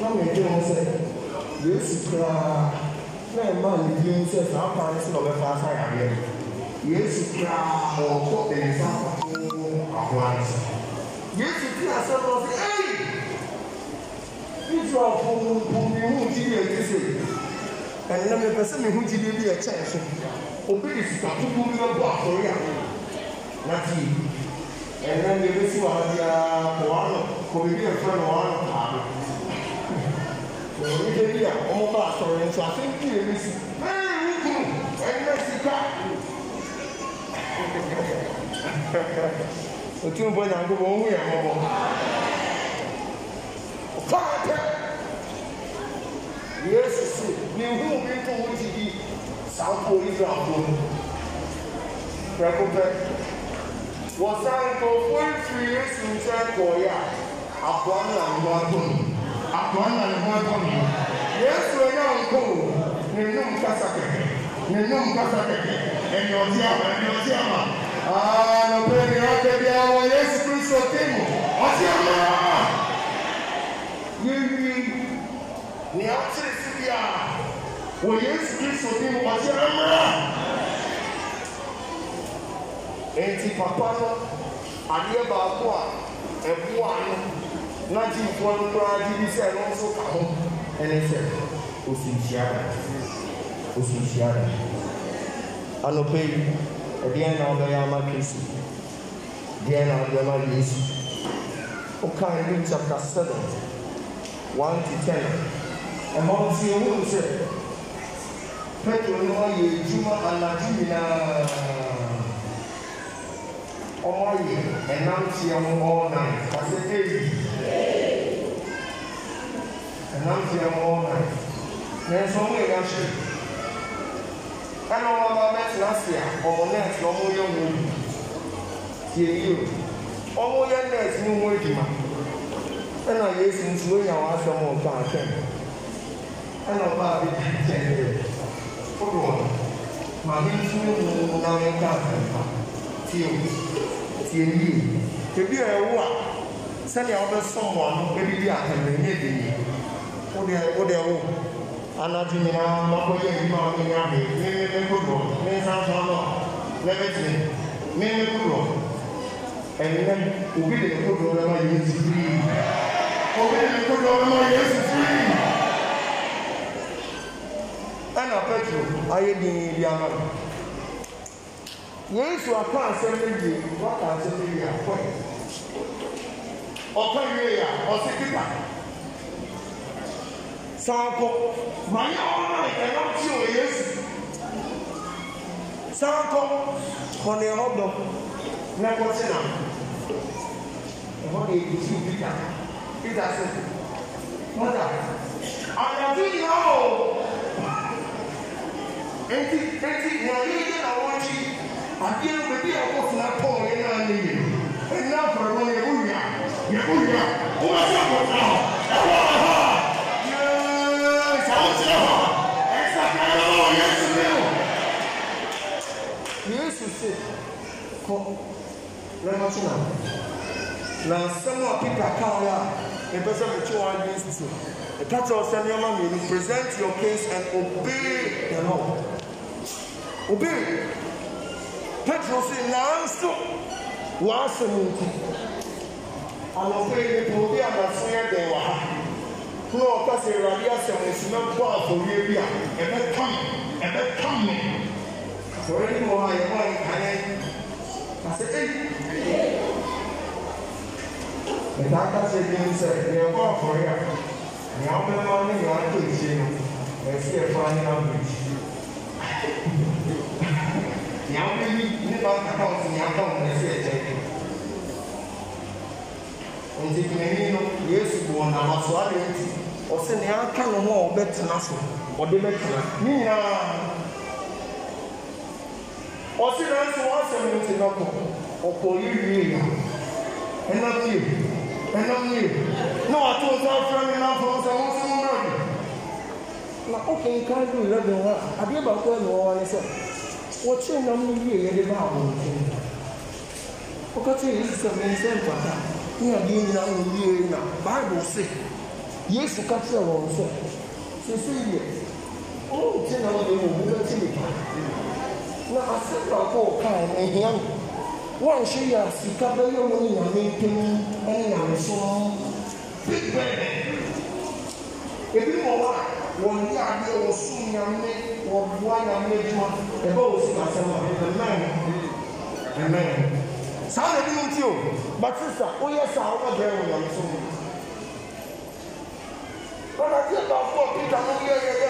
na mo ɛdi ɔmo sɛ yesu koraa na ɛma ne bi mu sɛ saa kwan so na ɔbɛfa asa yareɛ yesu koraa ɔkɔ ɛyɛ sa akɔ ahoa no so yesu ti asɛm no ɔsi ɛyi israel fo po mi hu gyidie ti se ɛnna mi pɛ sɛ mi hu gyidie bi ɛkyɛn so obi de sika tutu bi ɛbɔ afɔri a na ti ɛnna mi ebi si wɔ ha biara kɔ wa no kɔ beebi efra na wa no paa no wɔn de bi a wɔn ba asɔre nso ase ti ebi si otumfoɔ nyankopɔ ɔhu yɛn mmɔbɔ ɔfaapɛ yesu se mehu bi to wo ti bi saa wopɔ israelfoɔ mu prɛko pɛ wɔsa nkurɔfoɔ afiri yesu nkyɛn kɔɔeɛ a akoa no na ne ho atɔ no akoa no na ne ho atɔ no yesu ɛnyɛ nko ne nnum kasa kɛkɛ ne kasa kɛkɛ ɛnyɛ ɔte ama ɛnyɛ ɔte ama na upendo wake bila wa Yesu Kristo timu wasiama yeye ni ache sibia wa Yesu Kristo timu wasiama enti papa no adeɛ baako a ɛboa no na gyefoɔ no koraa gye bi sɛ ɛno nso ka ho ɛne sɛ osunhyia da osunhyia da anɔpɛ yi ɛdeɛn na ɔbɛyɛ ama kristo deɛn na ɔde ama yesu woka luke chapter seven one to ten ɛma wo tie wohu sɛ petro no ayɛ adwuma anadwo nyinaa ɔmɔyɛ ɛnam teɛ ho all night kasɛ ei ɛnam teɛ ho all night nanso ɔmo yɛ yɛahyɛ ɛna wɔn aba bɛtena ase a wɔn nɛɛse na wɔn yɛ wɔn adwuma tie yie o wɔn yɛ nɛɛse ne wɔn adwuma ɛna yesu nso wɔnya wɔn asɛm wɔn ba atɛn ɛna ɔbaa bi kyɛn yɛ kodo wɔn maame nso ne mu na wɔn ka afɛnfa tie o tie yie ebi a ɛwɔ a sɛdeɛ wɔbɛsɔn wɔn ano ebi bi ahɛn na de yie o deɛ o deɛ wɔ anatinina makoye ima minyabe mimekudo minsansɔnɔ lɛbɛtiri mimekudo ɛnɛ obi de kudo lɛma yesu firi obi de kudo lɛma yesu firi ɛna petro ayé dini bi ama yesu aka asɛm ne die waka asɛm ne die akɔɛ ɔka wie a ɔsi tipa sanko manya ɔna ɛnam ti o yesu sanko kɔni ɛhɔ dɔ na kɔti na ɛhɔ na ebi ti peter peter sɛ mɔta anyati nyina o eti eti na yeye na wɔn akyi adeɛ bebi a ɛkɔ funa pɔl ɛna ne yie ɛna afɔlɔ wɔn yɛ ko wia yɛ ko wia wɔn asi akɔta hɔ. sese kɔ lɛmɔtɔ na na nsɛm a peter ka ɔyɛ a ɛpɛ sɛ mɛtɔ wɔn adwene sese ɛka kyerɛ ɔsɛ nneɛma mmienu present your case and obey the law obey petro sɛ nanso wɔasɛm nku anɔpɛ yi nipa obi a naso yɛ dɛn wɔ ha kúrò ọ̀pá sè é ìwádìí asẹ̀mùsùn náà bọ́ àfọwé bi a ẹ̀bẹ̀ tán ẹ̀bẹ̀ tán mi sọrọ ni mo ha yẹ mo ayẹ kan yẹ ase eyi ẹta akasẹ bi n sẹ yẹ kọ afọri a yà ọmọ ẹmọ ni yà ọtọ ekyir no ẹsi ẹfọ anyi na ọmọ ekyir yà ọmọ ẹni nípa nkata ọsẹ yà ọmọ ọmọ ẹsẹ ẹkyẹ nti pinni no yesu bu ɔnam aso adi nti ɔsɛ nea aka no ho a ɔbɛtena so ɔde bɛtena ne nyinaa ɔsi nansi wɔn asɛm no ti nɔkɔ ɔkɔ yiwie ɛnam yie ɛnam yie na wato nsa afra mi na afra nsa wɔn sɛn na yi na ɔkɔ nka do eleven hɔ a adeɛ baako ɛna ɔwɔ ne sɛ wɔkyerɛ nam no yie yɛde ba wɔn nkyɛn ɔkɔtɔ yɛ sɛ wɔn nsa nkwata ne adeɛ nyinaa wɔn yie na bible se yesu ka kyerɛ wɔn sɛ sɛ sɛ yie ɔwɔ nkyɛn na wɔn yɛ wɔn mu bɛ ti nipa na asɛmnafo ɔkae no ɛhia no wɔnhyɛ yɛ a sika bɛyɛ mu ne nyame ntam ne nyame so big bɛn ebi wɔ hɔ a wɔn yɛ adeɛ wɔso nyame wɔboa nyame adwuma ɛbɛ wɔ sika asɛm a amen amen saa na ebinom ti o batista woyɛ saa wobɛbɛn wɔ nyame so wɔn adeɛ baako a peter no yɛ yɛ yɛ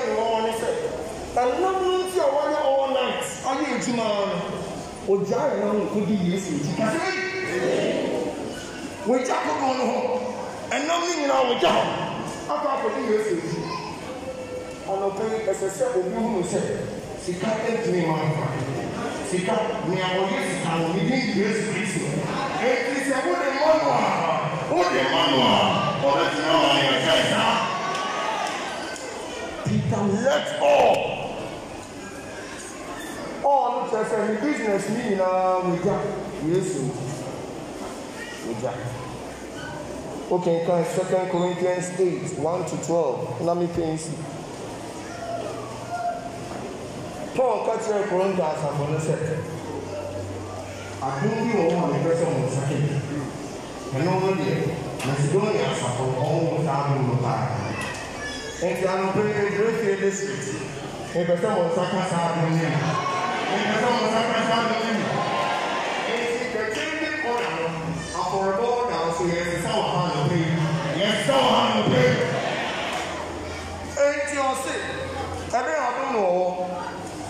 심한 오자에는 거기 예수 지키세요. 오자 그거는 ẹnọmìnira ọjà akọ akọni yóò ṣe yìí ọlọpẹ ẹsẹ sẹ omi hùn sẹ sika ẹtùmí máa ń fà sika ní àwọn yóò sika wọn ní bíi yóò sì rí sùn èyí sẹ ó lè mọnu à ó lè mọnu à ọlọpẹ náà wà ní ọjà ìta peter let all ɔno kyerɛ sɛ ne business ne nyinaa wogya yesu wogya wokenkan second corinthians eight, one to twelve. na mepɛ nsi paul ka kyerɛ korinto asafo no sɛ akon bi wɔ hɔ a mepɛ sɛ mo nsake ɛno no deɛ macedonia asafo ɔmo saa mo no paa nti anopɛ ɛdurefie district mepɛ sɛ mo nsaka saa adom ne a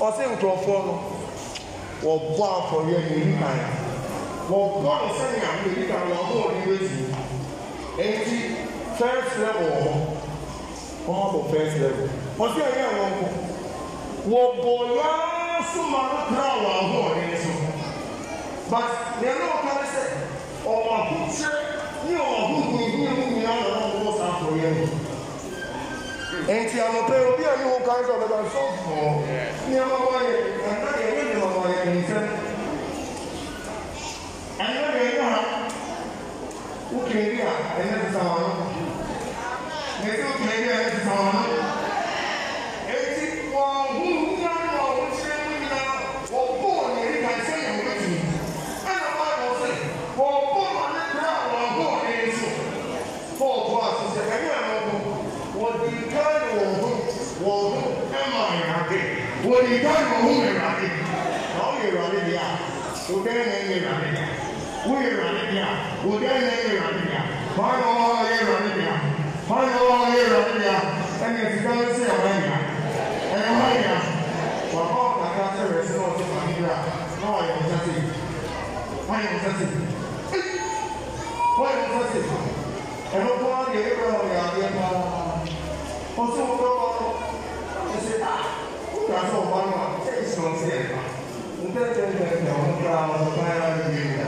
ɔsɛ nkurɔfoɔ no wɔbɔ afɔreɛ na ɛni kan wɔbɔ no sɛnea na ɛni kan wɔn ho ɔde wɛsi eti first level wɔ hɔ wɔn abɔ first level ɔsɛ ɛyɛ wɔn ko wɔbɔ yaa soma no kura wɔn ahoɔden so but nea na ɔka ne sɛ ɔmo ahokyerɛ ne ɔmo ahohunhun mu nyinaa na ɔmo saa afɔre yɛn nti anɔpɛ obi a ne ho kan sɛ ɔbɛba nso fɔɔ nneɛma wɔyɛ ɛnna deɛ ne deɛ wɔyɛ ne nsɛm ɛnna deɛ ne ha wokiri bi a ɛnna ti sa no ne ti wokiri bi a ɛnna ti sa no. ပြောမဟုတ်နေပါလေ။ဘောင်းနေပါလေဗျာ။ကိုတဲနေနေပါလေ။ကိုရပါလေဗျာ။ကိုတဲနေနေပါလေဗျာ။ဘောင်းတော်ရပါလေဗျာ။ဘောင်းတော်ရပါလေဗျာ။အဲ့ဒီစကားဆက်ရမယ်ဗျာ။အဲ့ဟိုင်းဗျာ။ဘောင်းကကားဆက်ရစေတော့ပါလေဗျာ။နော်ရပါစေ။ဟိုင်းပါစေ။ဟိုင်းပါစေ။အဲ့တော့ဘောင်းရပါလေဗျာ။ဘောင်းဆုံးတော့ Você tá ka sọ ọba ma ṣe ìsọ̀nsì ẹ̀fà ntẹ tẹ tẹ tẹ ọmọ kura ọmọ kura yà wọ ìwé yà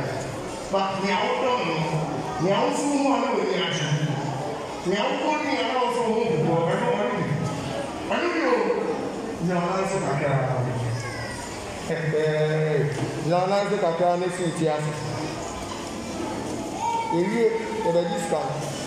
ba ní àwọn dọ̀m nù ní àwọn fún mu àná wò ní àjò ní àwọn kó ní àná wò fún mu bùbọ̀ ẹnu ọ̀nù ọ̀nù mi ò ní àwọn aláǹsì kakra ẹgbẹ́ ní àwọn aláǹsì kakra ní fún ìtì àfẹ́ èyí ẹ̀bẹ̀ dìsíkà.